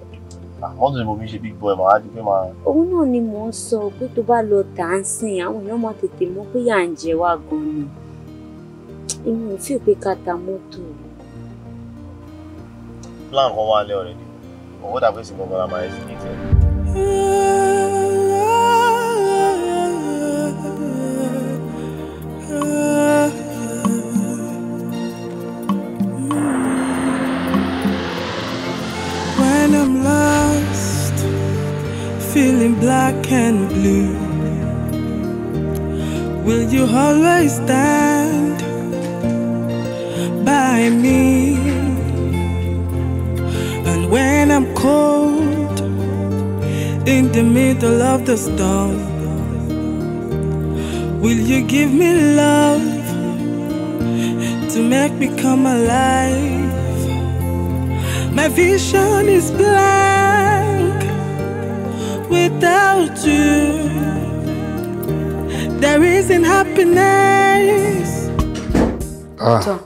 ah, mọ́tò tí mo fi ṣe big boy màá di pé màá. òun náà ni mò ń sọ pé tó bá lọ tà á sìn àwọn èèyàn máa tètè mọ pé ìyà ń jẹ wá gan-an ni èmi tí ò pé ká ta mọ́tò. plan kan wá lẹ́ ọ̀rẹ́dì owó tàbí èsì gbọ́ngàn la máa ẹ̀ sí ní When I'm lost, feeling black and blue, will you always stand? by me. And when I'm cold in the middle of the storm, will you give me love to make me come alive? My vision is blank without you. There isn't happiness. Ah.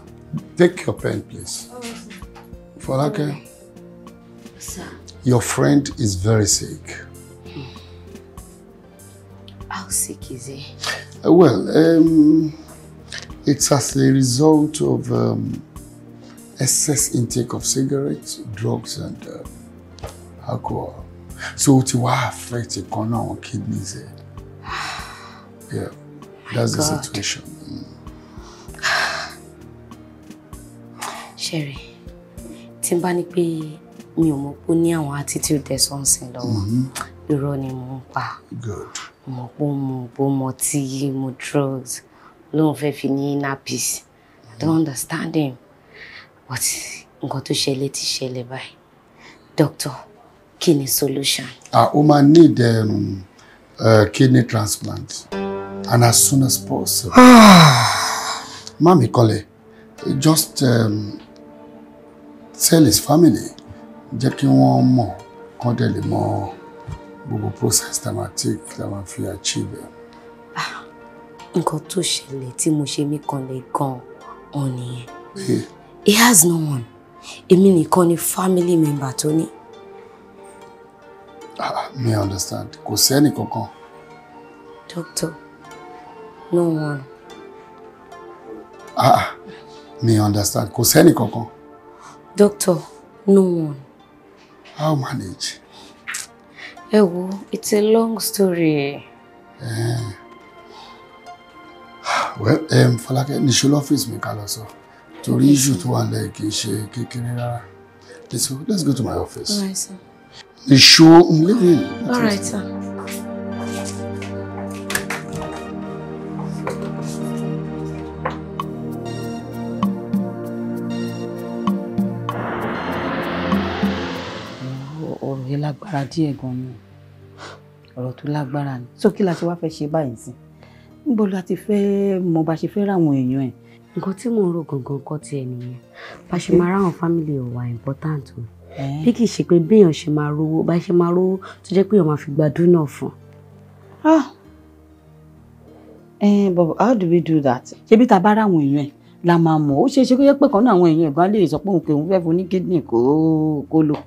Take your pen, please. Oh, Folake, sir. your friend is very sick. How sick is he? Well, um, it's as a result of um, excess intake of cigarettes, drugs, and uh, alcohol. So it will affect the corner of kidneys. Eh? yeah, that's the situation. Sherry, tí n bá ní pé mi ò mọ̀ pé ó ní àwọn attitude ẹ̀sán sìn lọ́wọ́ mm-hmm. irọ́ ni mo ń pa mo pò mo bó mo tí mo drugs lóun fẹ́ fi ní inner peace I don't mm-hmm. understand him but nǹkan tó ṣẹlẹ̀ ti ṣẹlẹ̀ báyìí doctor kí ni solution. ah o máa need um, uh, kidney transplant and as soon as possible. Ah. mami kọ́lẹ̀ just. Um, tell his family jẹ́ kí wọ́n mọ̀ kán dẹ̀ lè mọ gbogbo process tá a máa take tá a máa fi achieve. Ah, nǹkan tó ṣẹlẹ̀ tí mo ṣe mí kanlẹ̀ gan-an nìyẹn he has no one èmi nìkan ni family member tó ní. ah me understand kò sẹ́ni kankan. doctor no one. ah me understand kò sẹ́ni kankan. Doctor, no one. How manage? Oh, it's a long story. Uh, well, um, for like, lọ́fíìsì mi ká lọ sọ. Torí issue tó wà lẹ́yìn kì í ṣe kékeré rárá. Let's go, let's go to my office. All right, sir. Níṣó, I'm leaving. All right, sir. lágbára díẹ̀ gan-an ni ọ̀rọ̀ tó lágbára ni so kí la ṣe wá fẹ́ ṣe báyìí sí níbo la ti fẹ́ mọ bá ṣe fẹ́ ráwọn èèyàn ẹ̀. nǹkan tí mò ń rò gangan kọ́ tiẹ̀ nìyẹn bá ṣe máa ráwọn fámìlì ọ̀wà important o bí kì í ṣe pé béèyàn ṣe máa rówó bá ṣe máa rówó tó jẹ́ pé èèyàn máa fi gbàdúnà fún. ah eh, but how do we do that? ṣebí ta bá ráwọn èèyàn ẹ̀ la máa mọ̀ ó ṣeé ṣe kó yẹ pé kan náà àwọn èèyàn ẹ̀gbọ́n lè sọ pé òun pé òun fẹ́ fún ní kidney kó kó lò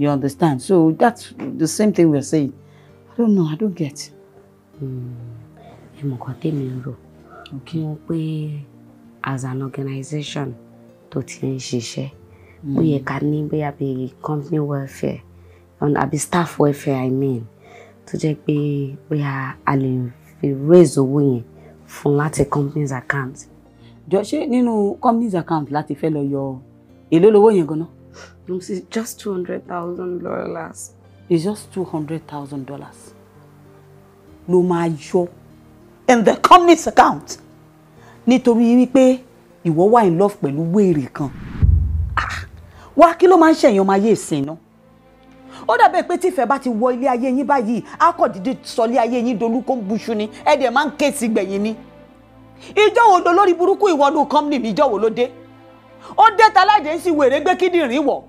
you understand so that's the same thing we are saying i don't know i don't get. Hmm. ẹ mọ̀ kan tèmi ń rò kí wọ́n pé as an organisation, tó ti ń ṣiṣẹ́ hmm. ó yẹ ká ní bóyá bí company welfare àbí staff welfare i mean tó jẹ́ pé bóyá a lè raise owó yẹn fún láti company's account jọ ṣé nínú company's account láti fẹ́ lọ yọ èló lowó yẹn gan-an. no it's just two hundred thousand dollars. it's just two hundred thousand dollars ló máa yọ in the company's account nítorí wípé ìwọ wà in love pẹ̀lú wèrè kan ah, wá kí ló máa ń ṣẹ̀yàn ọmọ ayé ìsìn náà ó dàbẹ̀ pé tífẹ̀ bá ti wọ ilé ayé yín báyìí á kọ̀ ayé yín dolú kó ni ẹ̀ dẹ̀ máa ń ké sí gbẹ̀yìn ni ìjọ wo lo lórí burúkú ìwọ́nú kọ́mìnì mi ìjọ wo ló dé ó dé ta aláìdè ń sì wèrè gbé kíndìnrín wọ̀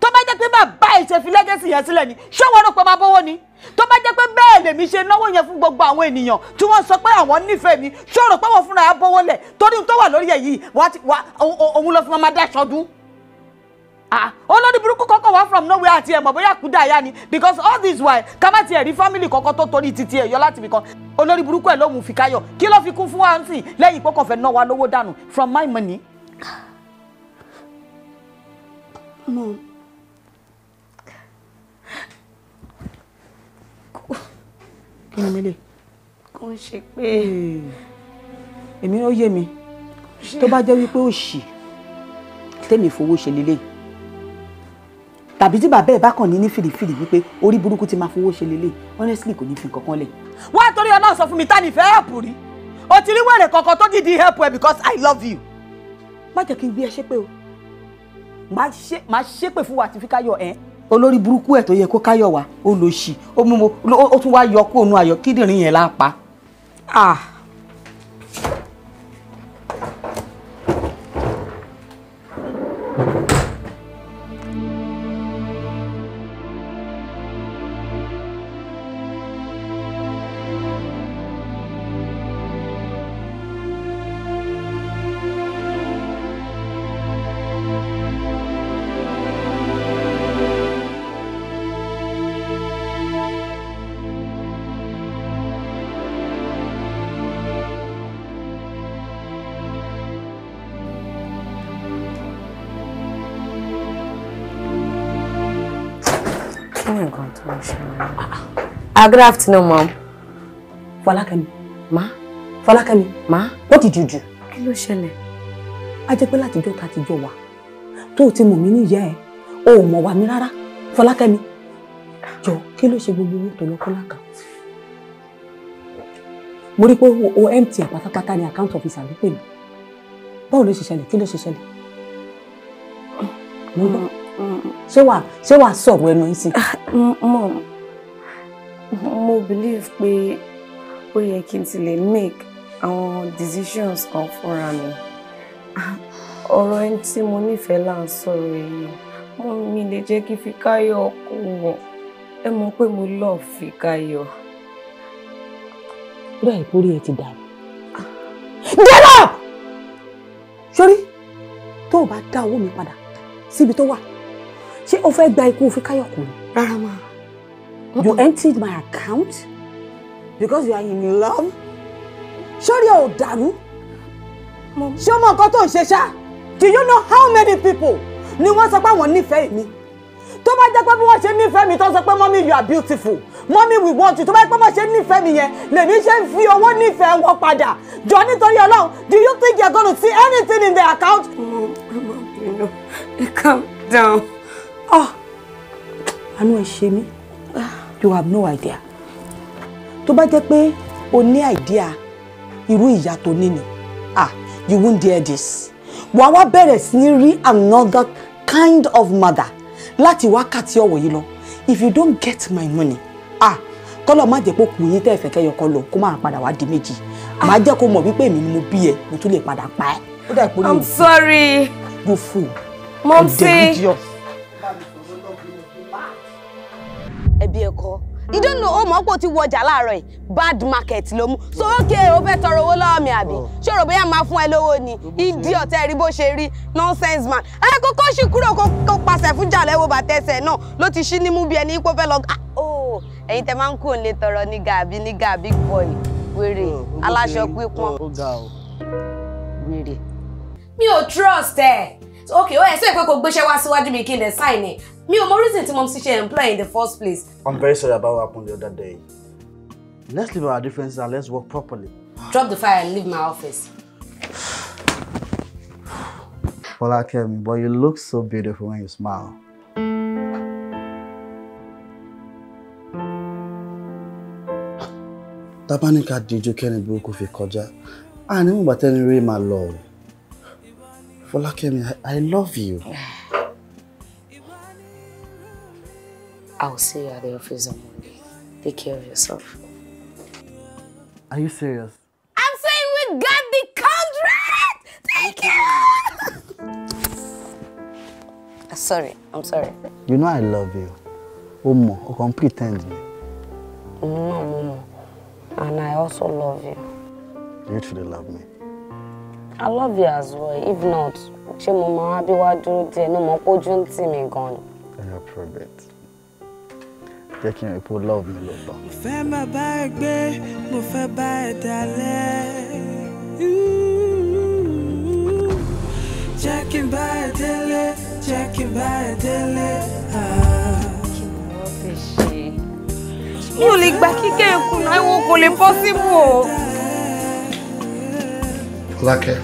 tó bá jẹ́ pé bàbá ìṣe fi lẹ́gẹ̀sì yẹn sílẹ̀ ni ṣé wọ́n rò pé máa bọ́wọ́ ni tó bá jẹ́ pé bẹ́ẹ̀ lèmi ṣe náwó yẹn fún gbogbo àwọn ènìyàn tí wọ́n sọ pé àwọn nífẹ̀ẹ́ mi ṣé o rò pé wọ́n fúnra ẹ̀ bọ́wọ́ lẹ̀ torí tó wà lórí ẹ̀ yìí òun lọ fi máa dáṣọ dún ah olórí burúkú kọ́kọ́ wá from nowhere àti ẹ̀mọ̀ bóyá kúdà yá ni because all this while ká má tiẹ̀ family kọ́kọ́ tó torí titi ẹ̀ yọ láti ibìkan olórí burúkú ẹ̀ lóhùn fìkáyọ̀ kí ló fi kún fún àǹtí lẹ́yìn ìpọ́kàn fẹ́ náà wá lówó dànù from my money. mo kí ni mi lè. kò ń ṣe pé. èmi ó yé mi tó bá jẹ́ wípé òṣì tèmi fowó ṣe lélẹ́yìí tàbí tí bàbá ẹ̀ bá kàn ní ní fìdífìdí wípé orí burúkú ti máa fowó ṣe lélẹ̀ honestly kò ní fi kankan lẹ̀. wá torí ọlọ́run sọ fún mi tá ní fẹ́ help rí o ti rí wèrè kankan tó dìdí help ẹ because i love you. má jẹ́ kí n gbé ẹ ṣépè o má ṣépè fún wa àti fi káyọ̀ ẹ̀. olórí burúkú ẹ̀ tó yẹ kó káyọ̀ wá ó lọ sí ó tún wá yọ kó onú ayọ̀ kíndìnrín yẹn lápá. ah Uh, good afternoon, Mom. Fọlákẹ́mi. Ma? Fọlákẹ́mi. Ma? What did you do? Kilo ló I just jẹ́ pé látijọ́ ta ti jọ wà. Tó o ti mọ̀ mí níyà ẹ̀, o ò mọ̀ wà mí rárá. Fọlákẹ́mi. Jọ, kí ló ṣe gbogbo owó tó lọ Mo rí pé o empty àpátápátá ni account officer ló pè mí. Báwo ló Kilo ṣẹlẹ̀? Kí ló ṣe ṣẹlẹ̀? Mm, mm, mm. Ṣé wàá sọ̀rọ̀ ẹnu yìí sí? Ah, mọ̀ mo believe pé ó yẹ kí n ti lè make àwọn decisions kan fúnra mi ọ̀rọ̀ ẹni tí mo nífẹ̀ẹ́ là ń sọ̀rọ̀ èèyàn mo mi lè jẹ́ kí Fikáyọ̀ kó wọ̀ ẹ mọ̀ pé mo love Fikáyọ̀. bẹ́ẹ̀ ìkórè ẹ ti dàrú. dẹ́rọ̀ sórí tó o bá dá owó mi padà síbi tó wà ṣé o fẹ́ gba ikú Fikáyọ̀ kù rárá máa you emptied my account because you are in love sórí ò dàrú ṣé o mọ nǹkan tó ń ṣe ṣá do you know how many people ni wọ́n sọ pé àwọn nífẹ̀ẹ́ mi tó bá jẹ́ pé bí wọ́n ṣe nífẹ̀ẹ́ mi tó sọ pé mọ́mí you are beautiful mọ́mí we want you tó bá jẹ́ pé wọ́n ṣe nífẹ̀ẹ́ mi yẹn lèmi ṣe ń fi owó nífẹ̀ẹ́ wọn padà jọ nítorí ọlọ́run do you think you are gonna see anything in the account. mom mom you know calm down. Ah. àánú ẹ ṣe mí you have no idea tó bá jẹ́ pé o ní idea irú ìyá tó ní ni ah you won't dare this wàá wá bẹ̀rẹ̀ sí ní rí another kind of mother láti wákàtí ọ̀wọ̀ yìí lọ if you don't get my money ah kọ́lọ̀ má jẹ́ pé kù yín tẹ́ẹ̀fẹ́ kẹ́yọ kọ́ lọ kó má padà wá di méjì màá jẹ́ kó mọ̀ wípé èmi ni mo bí ẹ mo tún lè padà pa ẹ́. ó dà ìpolówó. i'm sorry. you fool. ẹbí ẹ̀kọ́ you don't know ọmọ pò ti wọjà láàárọ̀ yìí bad market ló mú so okay o fẹ́ tọrọ owó lọ́wọ́ mi àbí oh. ṣé o rò bóyá máa fún ẹ lówó ni ìdí ọ̀tẹ́ rí bó ṣe rí nonsense man ẹ kókó ṣì kúrò kó pàṣẹ fún jàlẹ̀ ẹ̀wò bàtẹ́sẹ̀ náà ló ti ṣí nímú bí ẹni ipò fẹ́ lọ ah, oh ẹ̀yin tẹ máa ń kó lè tọrọ ní gàbí ní gàbí boy wèrè oh, aláṣọ pípọ́n oh, wèrè. mi ò trust ẹ ok ó yẹ sọ èpè kò gbéṣẹ́ wá síwájú mi kí n lè sign ẹ̀ mi ò mọ reason tí mo ti ṣe employ in the first place. i'm very sorry about what happened the other day let's leave our differences and let's work properly. drop the fire and leave my office. Fọlákẹ́mi, but you look so beautiful when you smile. tábánikà díjú kẹ́ni burúkú fi kọjá a ní mọ̀gbà tẹ́ni rí màá lọ o Fọlákẹ́mi, I love you. I'll see you at the office on Monday. Take care of yourself. Are you serious? I'm saying we got the contract! Thank you! Ah, sorry, I'm sorry. You know I love you. Omo, you can pretend me. No, no. And I also love you. You truly love me. I love you as well. If not, Chimoma Abiwa Duro, no more Pojun Timmy gone. I approve it jẹ́ kí n rí pé ó love mi ló lọ. mo fẹ́ má bá ẹ gbé mo fẹ́ bá ẹ dalẹ̀. jẹ́ kí n bá ẹ délé jẹ́ kí n bá ẹ délé. mi ò lè gbà kíkẹ́ ìkùnà ìwọ kò lè possible o. Fọlákẹ́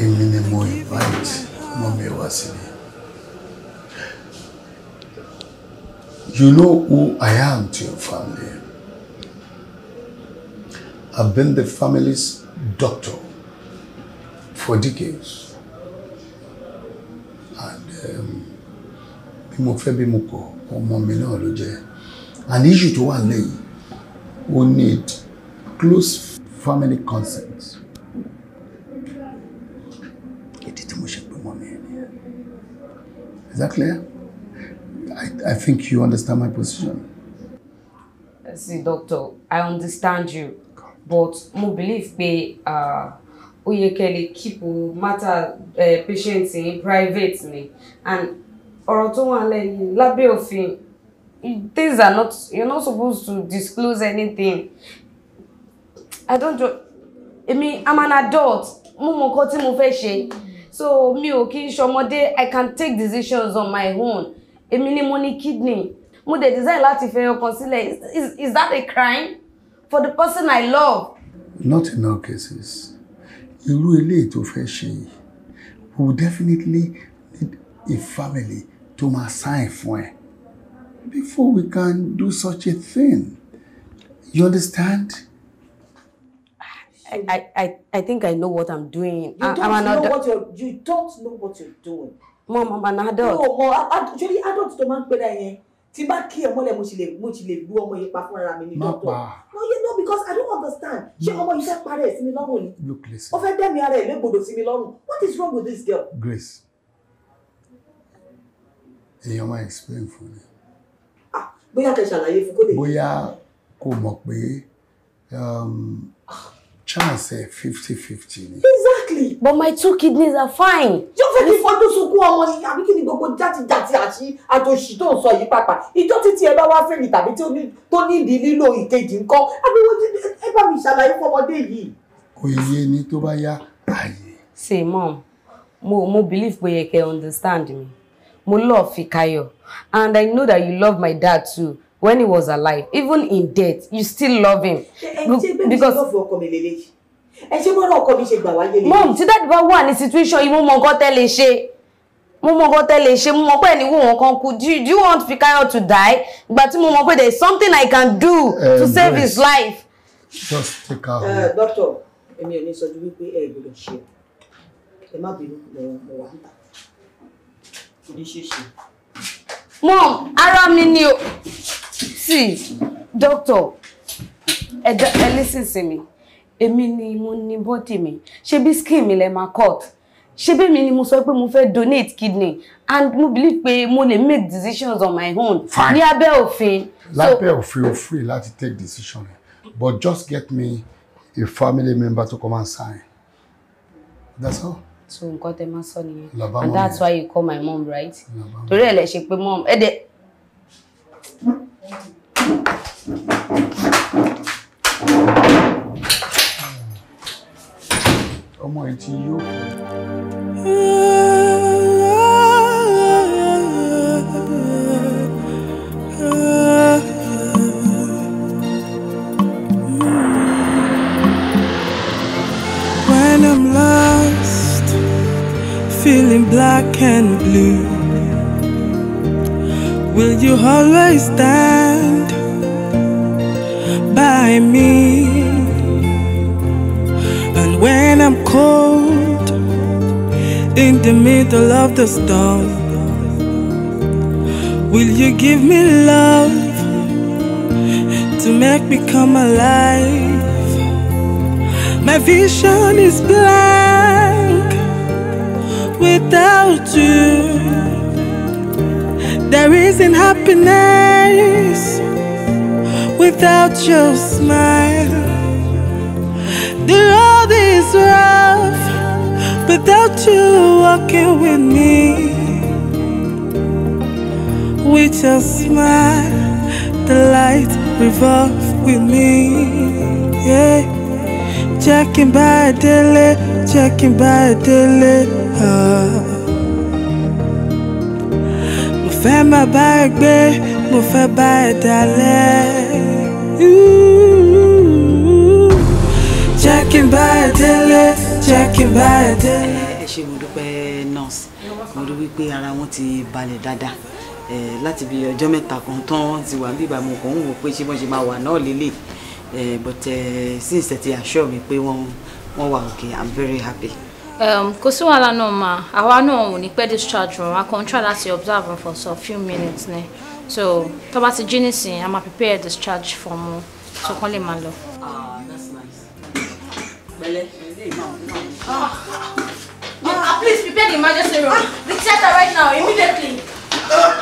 èmi ni mo invite mọ́mí wá síbi. You know who I am to your family. I've been the family's doctor for decades. And um, bí mo fẹ́ bí mo kọ̀ ọmọ mi náà ló jẹ́. An issue tó wà lẹ́yìn ó need close family consent. Ìdí tí mo ṣe pé mọ́ mi ẹ̀ nìyẹn. Is that clear? I, I think you understand my position. See, doctor, I understand you, but mo believe pé ó yẹ kẹ́ lè keep matter uh, patient in private me and ọ̀rọ̀ tó one lẹ́yìn lábẹ́ òfin things are not you're not supposed to disclose anything. I don't do mean, I'm an adult mo mọ nǹkan so me okay. kí I can take decisions on my own èmi ni mo ní kidney mo dẹ̀ design láti fi ọkàn sílẹ̀ is is that a crime for the person I love. not in all cases irú eléyìí tó fẹ́ ṣe we will definitely need a family to ma sign fún ẹ before we can do such a thing you understand. I, I, I think I know what I'm doing. You don't I'm know what you're, you don't know what you're doing mo mọ̀ mà ní adult. mo mọ àtúnṣe adult tó máa ń pera yẹn tí bá kí ẹ mọ́lẹ̀ mo sì lè mo sì lè lu ọmọ yẹn pa fúnra mi ní dọ́tọ̀ no you know because I don't understand ṣé ọmọ yìí fẹ́ parẹ́ sí mi lọ́rùn ni ó fẹ́ dẹ́mi ara ẹ̀ légbodò sí mi lọ́rùn what is wrong with this girl. Grace èèyàn máa explain fún mi. Ah, bóyá kẹ́ ṣàlàyé fún kó lè. bóyá kò mọ̀ pé um, ah chance ẹ fifty fifty exactly but my two kidneys are fine. so yóò fẹ́ kí fọ́dún sunkún ọmọ yìí àbí kí ni gbogbo játijàti àti àjòṣì tó ń sọ yìí pàpà ìjọ títí ẹ bá wá fèrè tàbí tó nídìí lílo ìkejì ńkọ́ àbíwọ́n ẹ bá mi ṣàlàyé fọmọdé yìí. kò yé ni to bá yá àyè. say mom mo mo believe pé yẹ can understand me mo love Fikayo and i know that you love my dad too when he was alive even in death you still love him. because mom tí dáàdì bá wà ní situation yìí mo mọ nǹkan tẹ́ lè ṣe mo mọ nǹkan tẹ́ lè ṣe mo mọ pé ẹni wò wọn kan do you, do you want Fikayo to die ìgbà tí mo mọ pé there is something I can do to save his life. just take her eh, home. doctor èmi ò ní sọ ju wípé ẹ gbọ́dọ̀ ṣe ẹ má bínú mo wà níta kò ní ṣe ṣe. mom ara mi ni o see doctor ẹ listen to me. èmi ni mo ní bọ́dì mi ṣe bí skin mi lè máa cut ṣe bí mi ni mo sọ pé mo fẹ́ donate kidney and mo believe pé mo lè make decisions on my own ní abẹ́ òfin. lábẹ́ òfin o free láti take decision but just get me a family member to come and sign that's all. so nǹkan tẹ máa sọ nìyẹn and that's why you call my mom right torí ẹ lè ṣe pé mom ẹ dẹ. When I'm lost, feeling black and blue. Will you always stand by me? And when I'm cold in the middle of the storm, will you give me love to make me come alive? My vision is blank without you. There isn't happiness without your smile. The road is rough without you walking with me. With your smile, the light revolves with me. Yeah. Checking by daily, checking by daily. Uh. fẹ́ má bá ẹ gbé mo fẹ́ bá ẹ dalẹ̀. jẹ́ kí n bá ẹ délé jẹ́ kí n bá ẹ délé. ẹ ṣe mo dúpẹ́ nọ́ọ̀sì mo rí wípé ara wọn ti balẹ̀ dáadáa láti bí ọjọ́ mẹ́ta kan tán ti wà bíbá mo kàn ń wò pé ṣé wọ́n ṣe máa wà náà lélẹ̀ but since ẹ ti assure mi pé wọ́n wà okay i'm very happy kò sí wàhálà náà mà àwa náà ò ní pẹ́ discharge wọn a kàn ń try láti observe wọn for some few minutes ni so tó bá ti jí nísìnyí a máa prepare discharge form wọn so kán lè máa lọ. Please prepare the emergency room. We set her right now, immediately. Uh.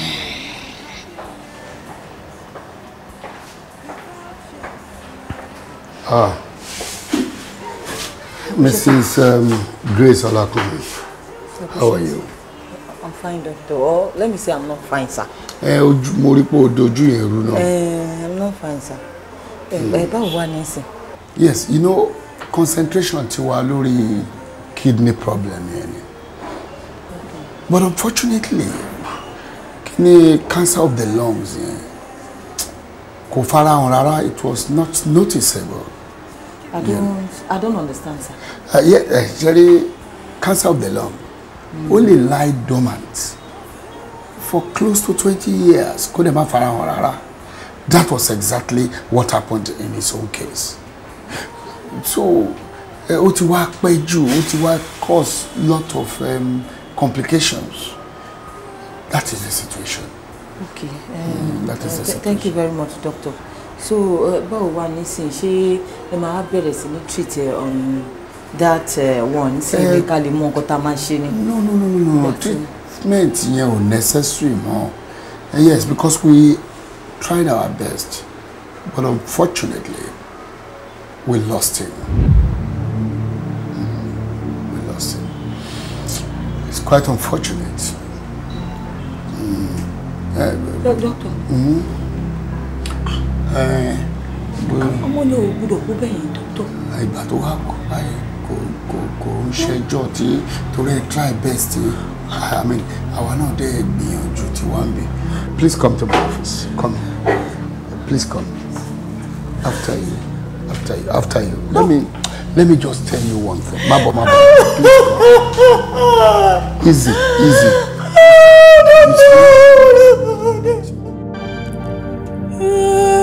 Ah. Mrs. Um, Grace Alakumi. how are you? I'm fine, doctor. Or oh, let me say I'm not fine, sir. Eh, ojú mo rí pé o dojú yẹn Eh, I'm not fine, sir. Eh, hmm. eh báwo wá ní Yes, you know, concentration to a lórí kidney problem yeah. But unfortunately, kidney cancer of the lungs yeah. kò farahàn rárá, it was not noticeable. I don't, I don't understand, sir. Uh, yeah, uh, Jerry, cancer of the lung mm. only lie dormant for close to 20 years. Kò dẹ̀ má farahàn That was exactly what happened in his own case. So, it uh, ti wá pẹ́ jù, ó ti lot of um, complications. That is the situation. Okay. Um, mm, that is um, the situation. Thank you very much, doctor so uh, báwo wà nísìn ṣé ẹ máa bẹ̀rẹ̀ sí ní treat uh, on that uh, one nísìnyí bí eh, ká lè mọ nǹkan tá a máa ṣe ni. no no no no no treatment yẹn ò necessary mọ́ eh, yes because we tried our best but unfortunately we lost him. Mm-hmm. we lost him. It's quite unfortunate. Mm. Uh, Doctor. Mm-hmm ọmọ ni ò gbúdọ̀ kó bẹ̀yìn dọ́tọ̀. ìgbà tó wà kó báyìí kò kò kò ń ṣẹjọ́ tí torí try best i mean àwa náà dé gbìyànjú tí wọ́n ń bì. please come to my office come please come after you after you after you let me let me just tell you one thing má bọ̀ má bọ̀ please come easy easy. Oh, easy.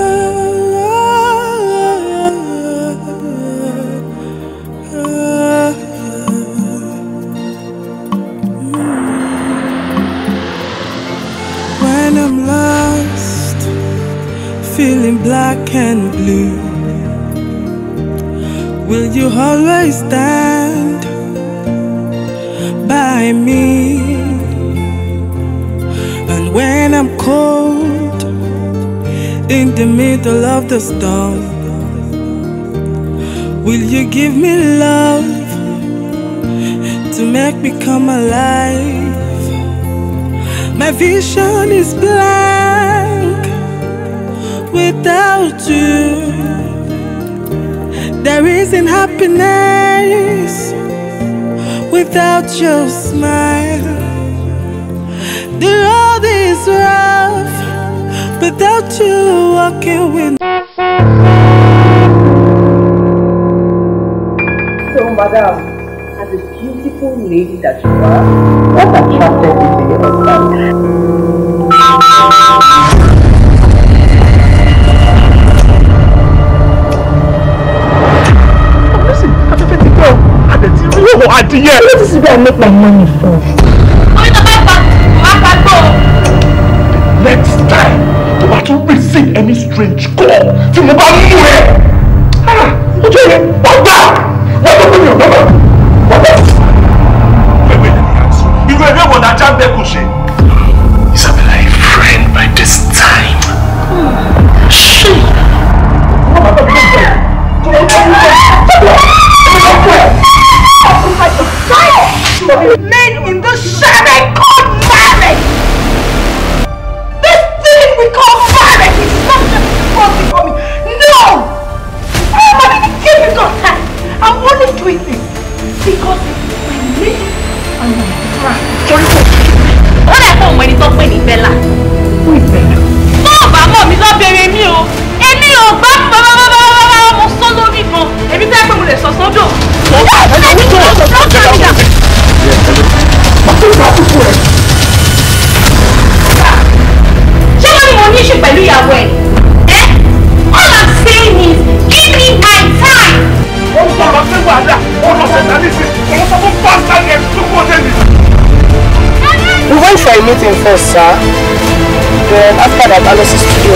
black and blue? Will you always stand by me? And when I'm cold in the middle of the storm, will you give me love to make me come alive? My vision is blind without you. There isn't happiness without your smile. The road is rough without you walking with. So, madam as a beautiful lady that you are, what attracted you to your adìyẹ. this is where i make my money from. orí tó bá pa máa pa gbó. next time you bá to receive any strange call tí mo bá mú ẹ ojú ẹ What gbà What tó gbìyànjú lọ́wọ́ wọ́n bẹ̀. wẹ́wẹ́ ni a sọ irú ẹgbẹ́ wo la já bẹ́ẹ̀ kò ṣe. to remain in this shabby called marriage. This thing we call marriage is not just supposed for me. No! I am an difficult time. I'm only doing this because it's my name and my brand. Sorry for wọ́n lè fún ọmọ ẹni tó pè ní Bella. Who is Bella? Tó o bá mọ̀ mi lọ bèrè mi o, èmi ò gbá bàbàbàbàbà mo sọ lórí gan, èmi fẹ́ pé mo lè sọ sódò. Wọ́n á fẹ́ kí n lọ sọ́dọ̀ mi dà kí bá kúkú rẹ̀. ṣé wọ́n ní mo ní ṣe pẹ̀lú ìyàwó ẹ̀? ẹ́ all I'm saying is give me my time. ó ń bọ̀rọ̀ sí wàhálà ó lọ sọ̀tà nísìn òun sọ fún pásítà ní ẹ̀mí tó kọ́ délé. We went for a meeting first, sir. Then after that, I lost the studio.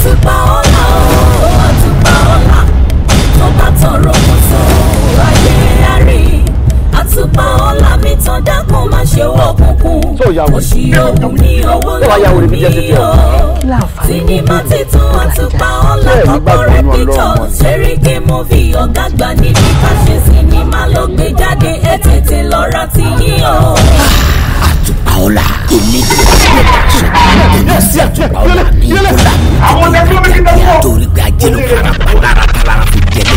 Ọ̀túnba ọlá o Ọ̀túnba ọlá tó bá tọrọ kò sọ ayé àárí Ọ̀túnba ọlá mi tán dákun má ṣe wọ òkùnkùn òṣì òun ní owó lòun ní o sinimá titun Ọ̀túnba ọlá kọ́kọ́rẹ́ pítọ̀ ṣeríkì mọ́fì ọ̀gá gbà níbi ká ṣe sinimá ló gbé jáde ẹ̀ tètè lọ́ra tìyín o ọ̀la èmi kò sí àtúgbà ọ̀la mi kò là àwọn ẹgbẹ́ mi àtòrí gba jẹ́nu kára pàlára kálára fi jẹ́nu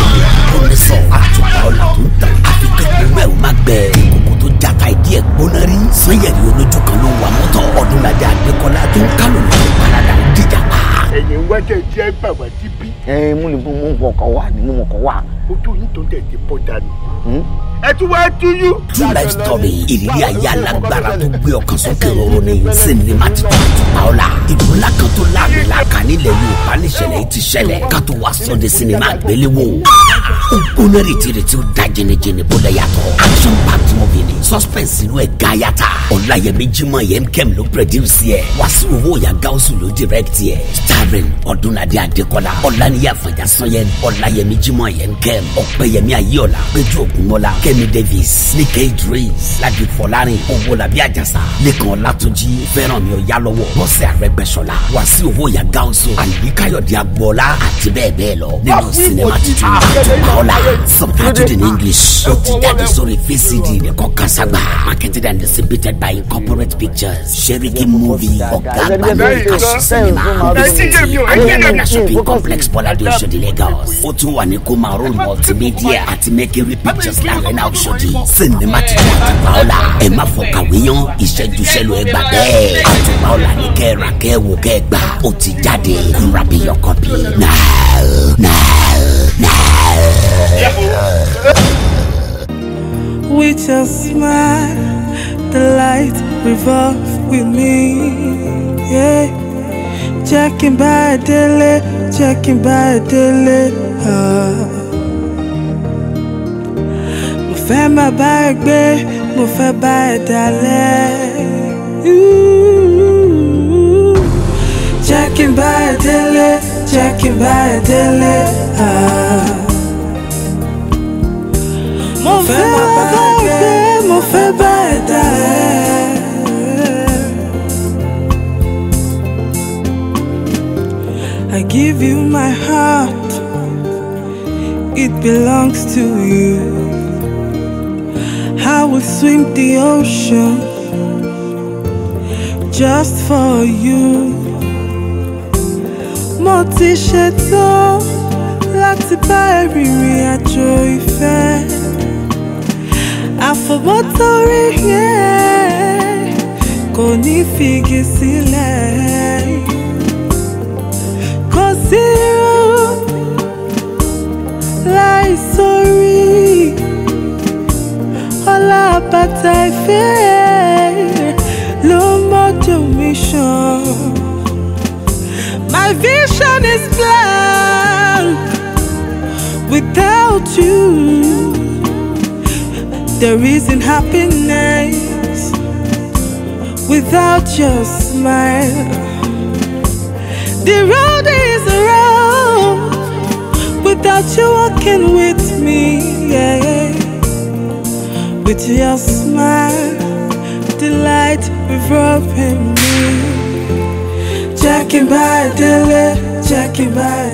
kò ní sọ àtúgbà ọ̀la tó ń tà àfi kẹ́kọ̀ọ́ mẹ́wàá má gbẹ kókó tó jaka ìdí ẹ̀ gbóná rí sanyẹ̀rì olójú kan ló wà mọ́tò ọdún lajà àgbẹ̀kọ́lá tó ń kálò lọ́wọ́ parada ìdíjà pa ẹ̀yìn ń wájà jẹ́ bàbá díbí. ẹ mú ni mú ọkọ̀ wà ní mú ọkọ̀ wà. o tó yín tó ń tẹ̀lé bọ́ dànù. Hmm? ẹ tún wá túyú. true life story ìrírí ayé alágbára tó gbé ọkàn sókè roro ní sinimá ti tó tuta ọ la. ìlú ńlá kan tó láàmì làkà nílẹ̀ Yorùbá níṣẹ̀lẹ̀ yìí ti ṣẹlẹ̀ ká tó wá sọ de sinimá àgbéléwò. ó gbóná rìtìrìtì ó da jìnnìjìnnì bó lẹ́yàtọ̀ action packed movie ni suspense inú ẹ̀ ga yàtà ọláyẹmí jimoh yemkem ló produce yẹ wàsíù owó ìyá gáúsù ló direct yẹ starring ọdúnladé adékọlá ọláníyà fàjà sọyẹn ọláyẹmí jimoh yemkem ọpẹyẹmí ayéọlá péjú ògúnmọlá kẹmi davis nike idris ladi fọlárin owólabí àjàsà lẹkàn ọlátúnjì fẹ́ràn mi ò yá lọ́wọ́ bọ́sẹ̀ arẹ́gbẹ́sọlá wàsíù owó ìyá gáúsù àyíkáyọ̀dé agboola in english ó ti jáde sórí fcd nìkan kásá Àtàgbà marketed and distributed by corporate Pictures Seriki Movie Ọ̀gá Gbàgbé Kashi Cinema Ayélujára Shopping Complex Bọ́ládé Oṣòdì Lagos. Ó tún wà ní Kuma Road Multimedia àti Mercury Pictures Arena Oṣòdì. Sinimá tuntun Àtùpàọ́lá ẹ̀ má fọ kàwé yan ìṣẹ́júṣẹ́lu ẹ̀ gbà bẹ́ẹ̀. Àtùpàọ́lá ni kẹ́ ra kẹ́ wò kẹ́ gbà ó ti jáde. Grab your copy now. rough with me, yeah. Checking by a dilly, jacking by a dilly, ah. Uh. Mo fẹ́ má bá ẹ gbé, mo fẹ́ bá dalẹ̀. Jacking by a dilly, jacking by a dilly, ah. Uh. Mo fẹ́ má bá gbé, mo fẹ́ bá dalẹ̀. give you my heart, it belongs to you. I will swim the ocean just for you. Mo ti ṣetán láti bá ìrìn àjò ìfẹ́ àfọwọ́tọ́rí yẹn kò ní figi sílẹ̀ zero láì sórí ọlá bàtà ìfẹ́ ló mọ́jú mi ṣàn. My vision is blank without you. There isn't happiness without your smile. The road is that you're walking with me, yeah. With your smile, the light revolving me. Jackie by Dilly, Jackie by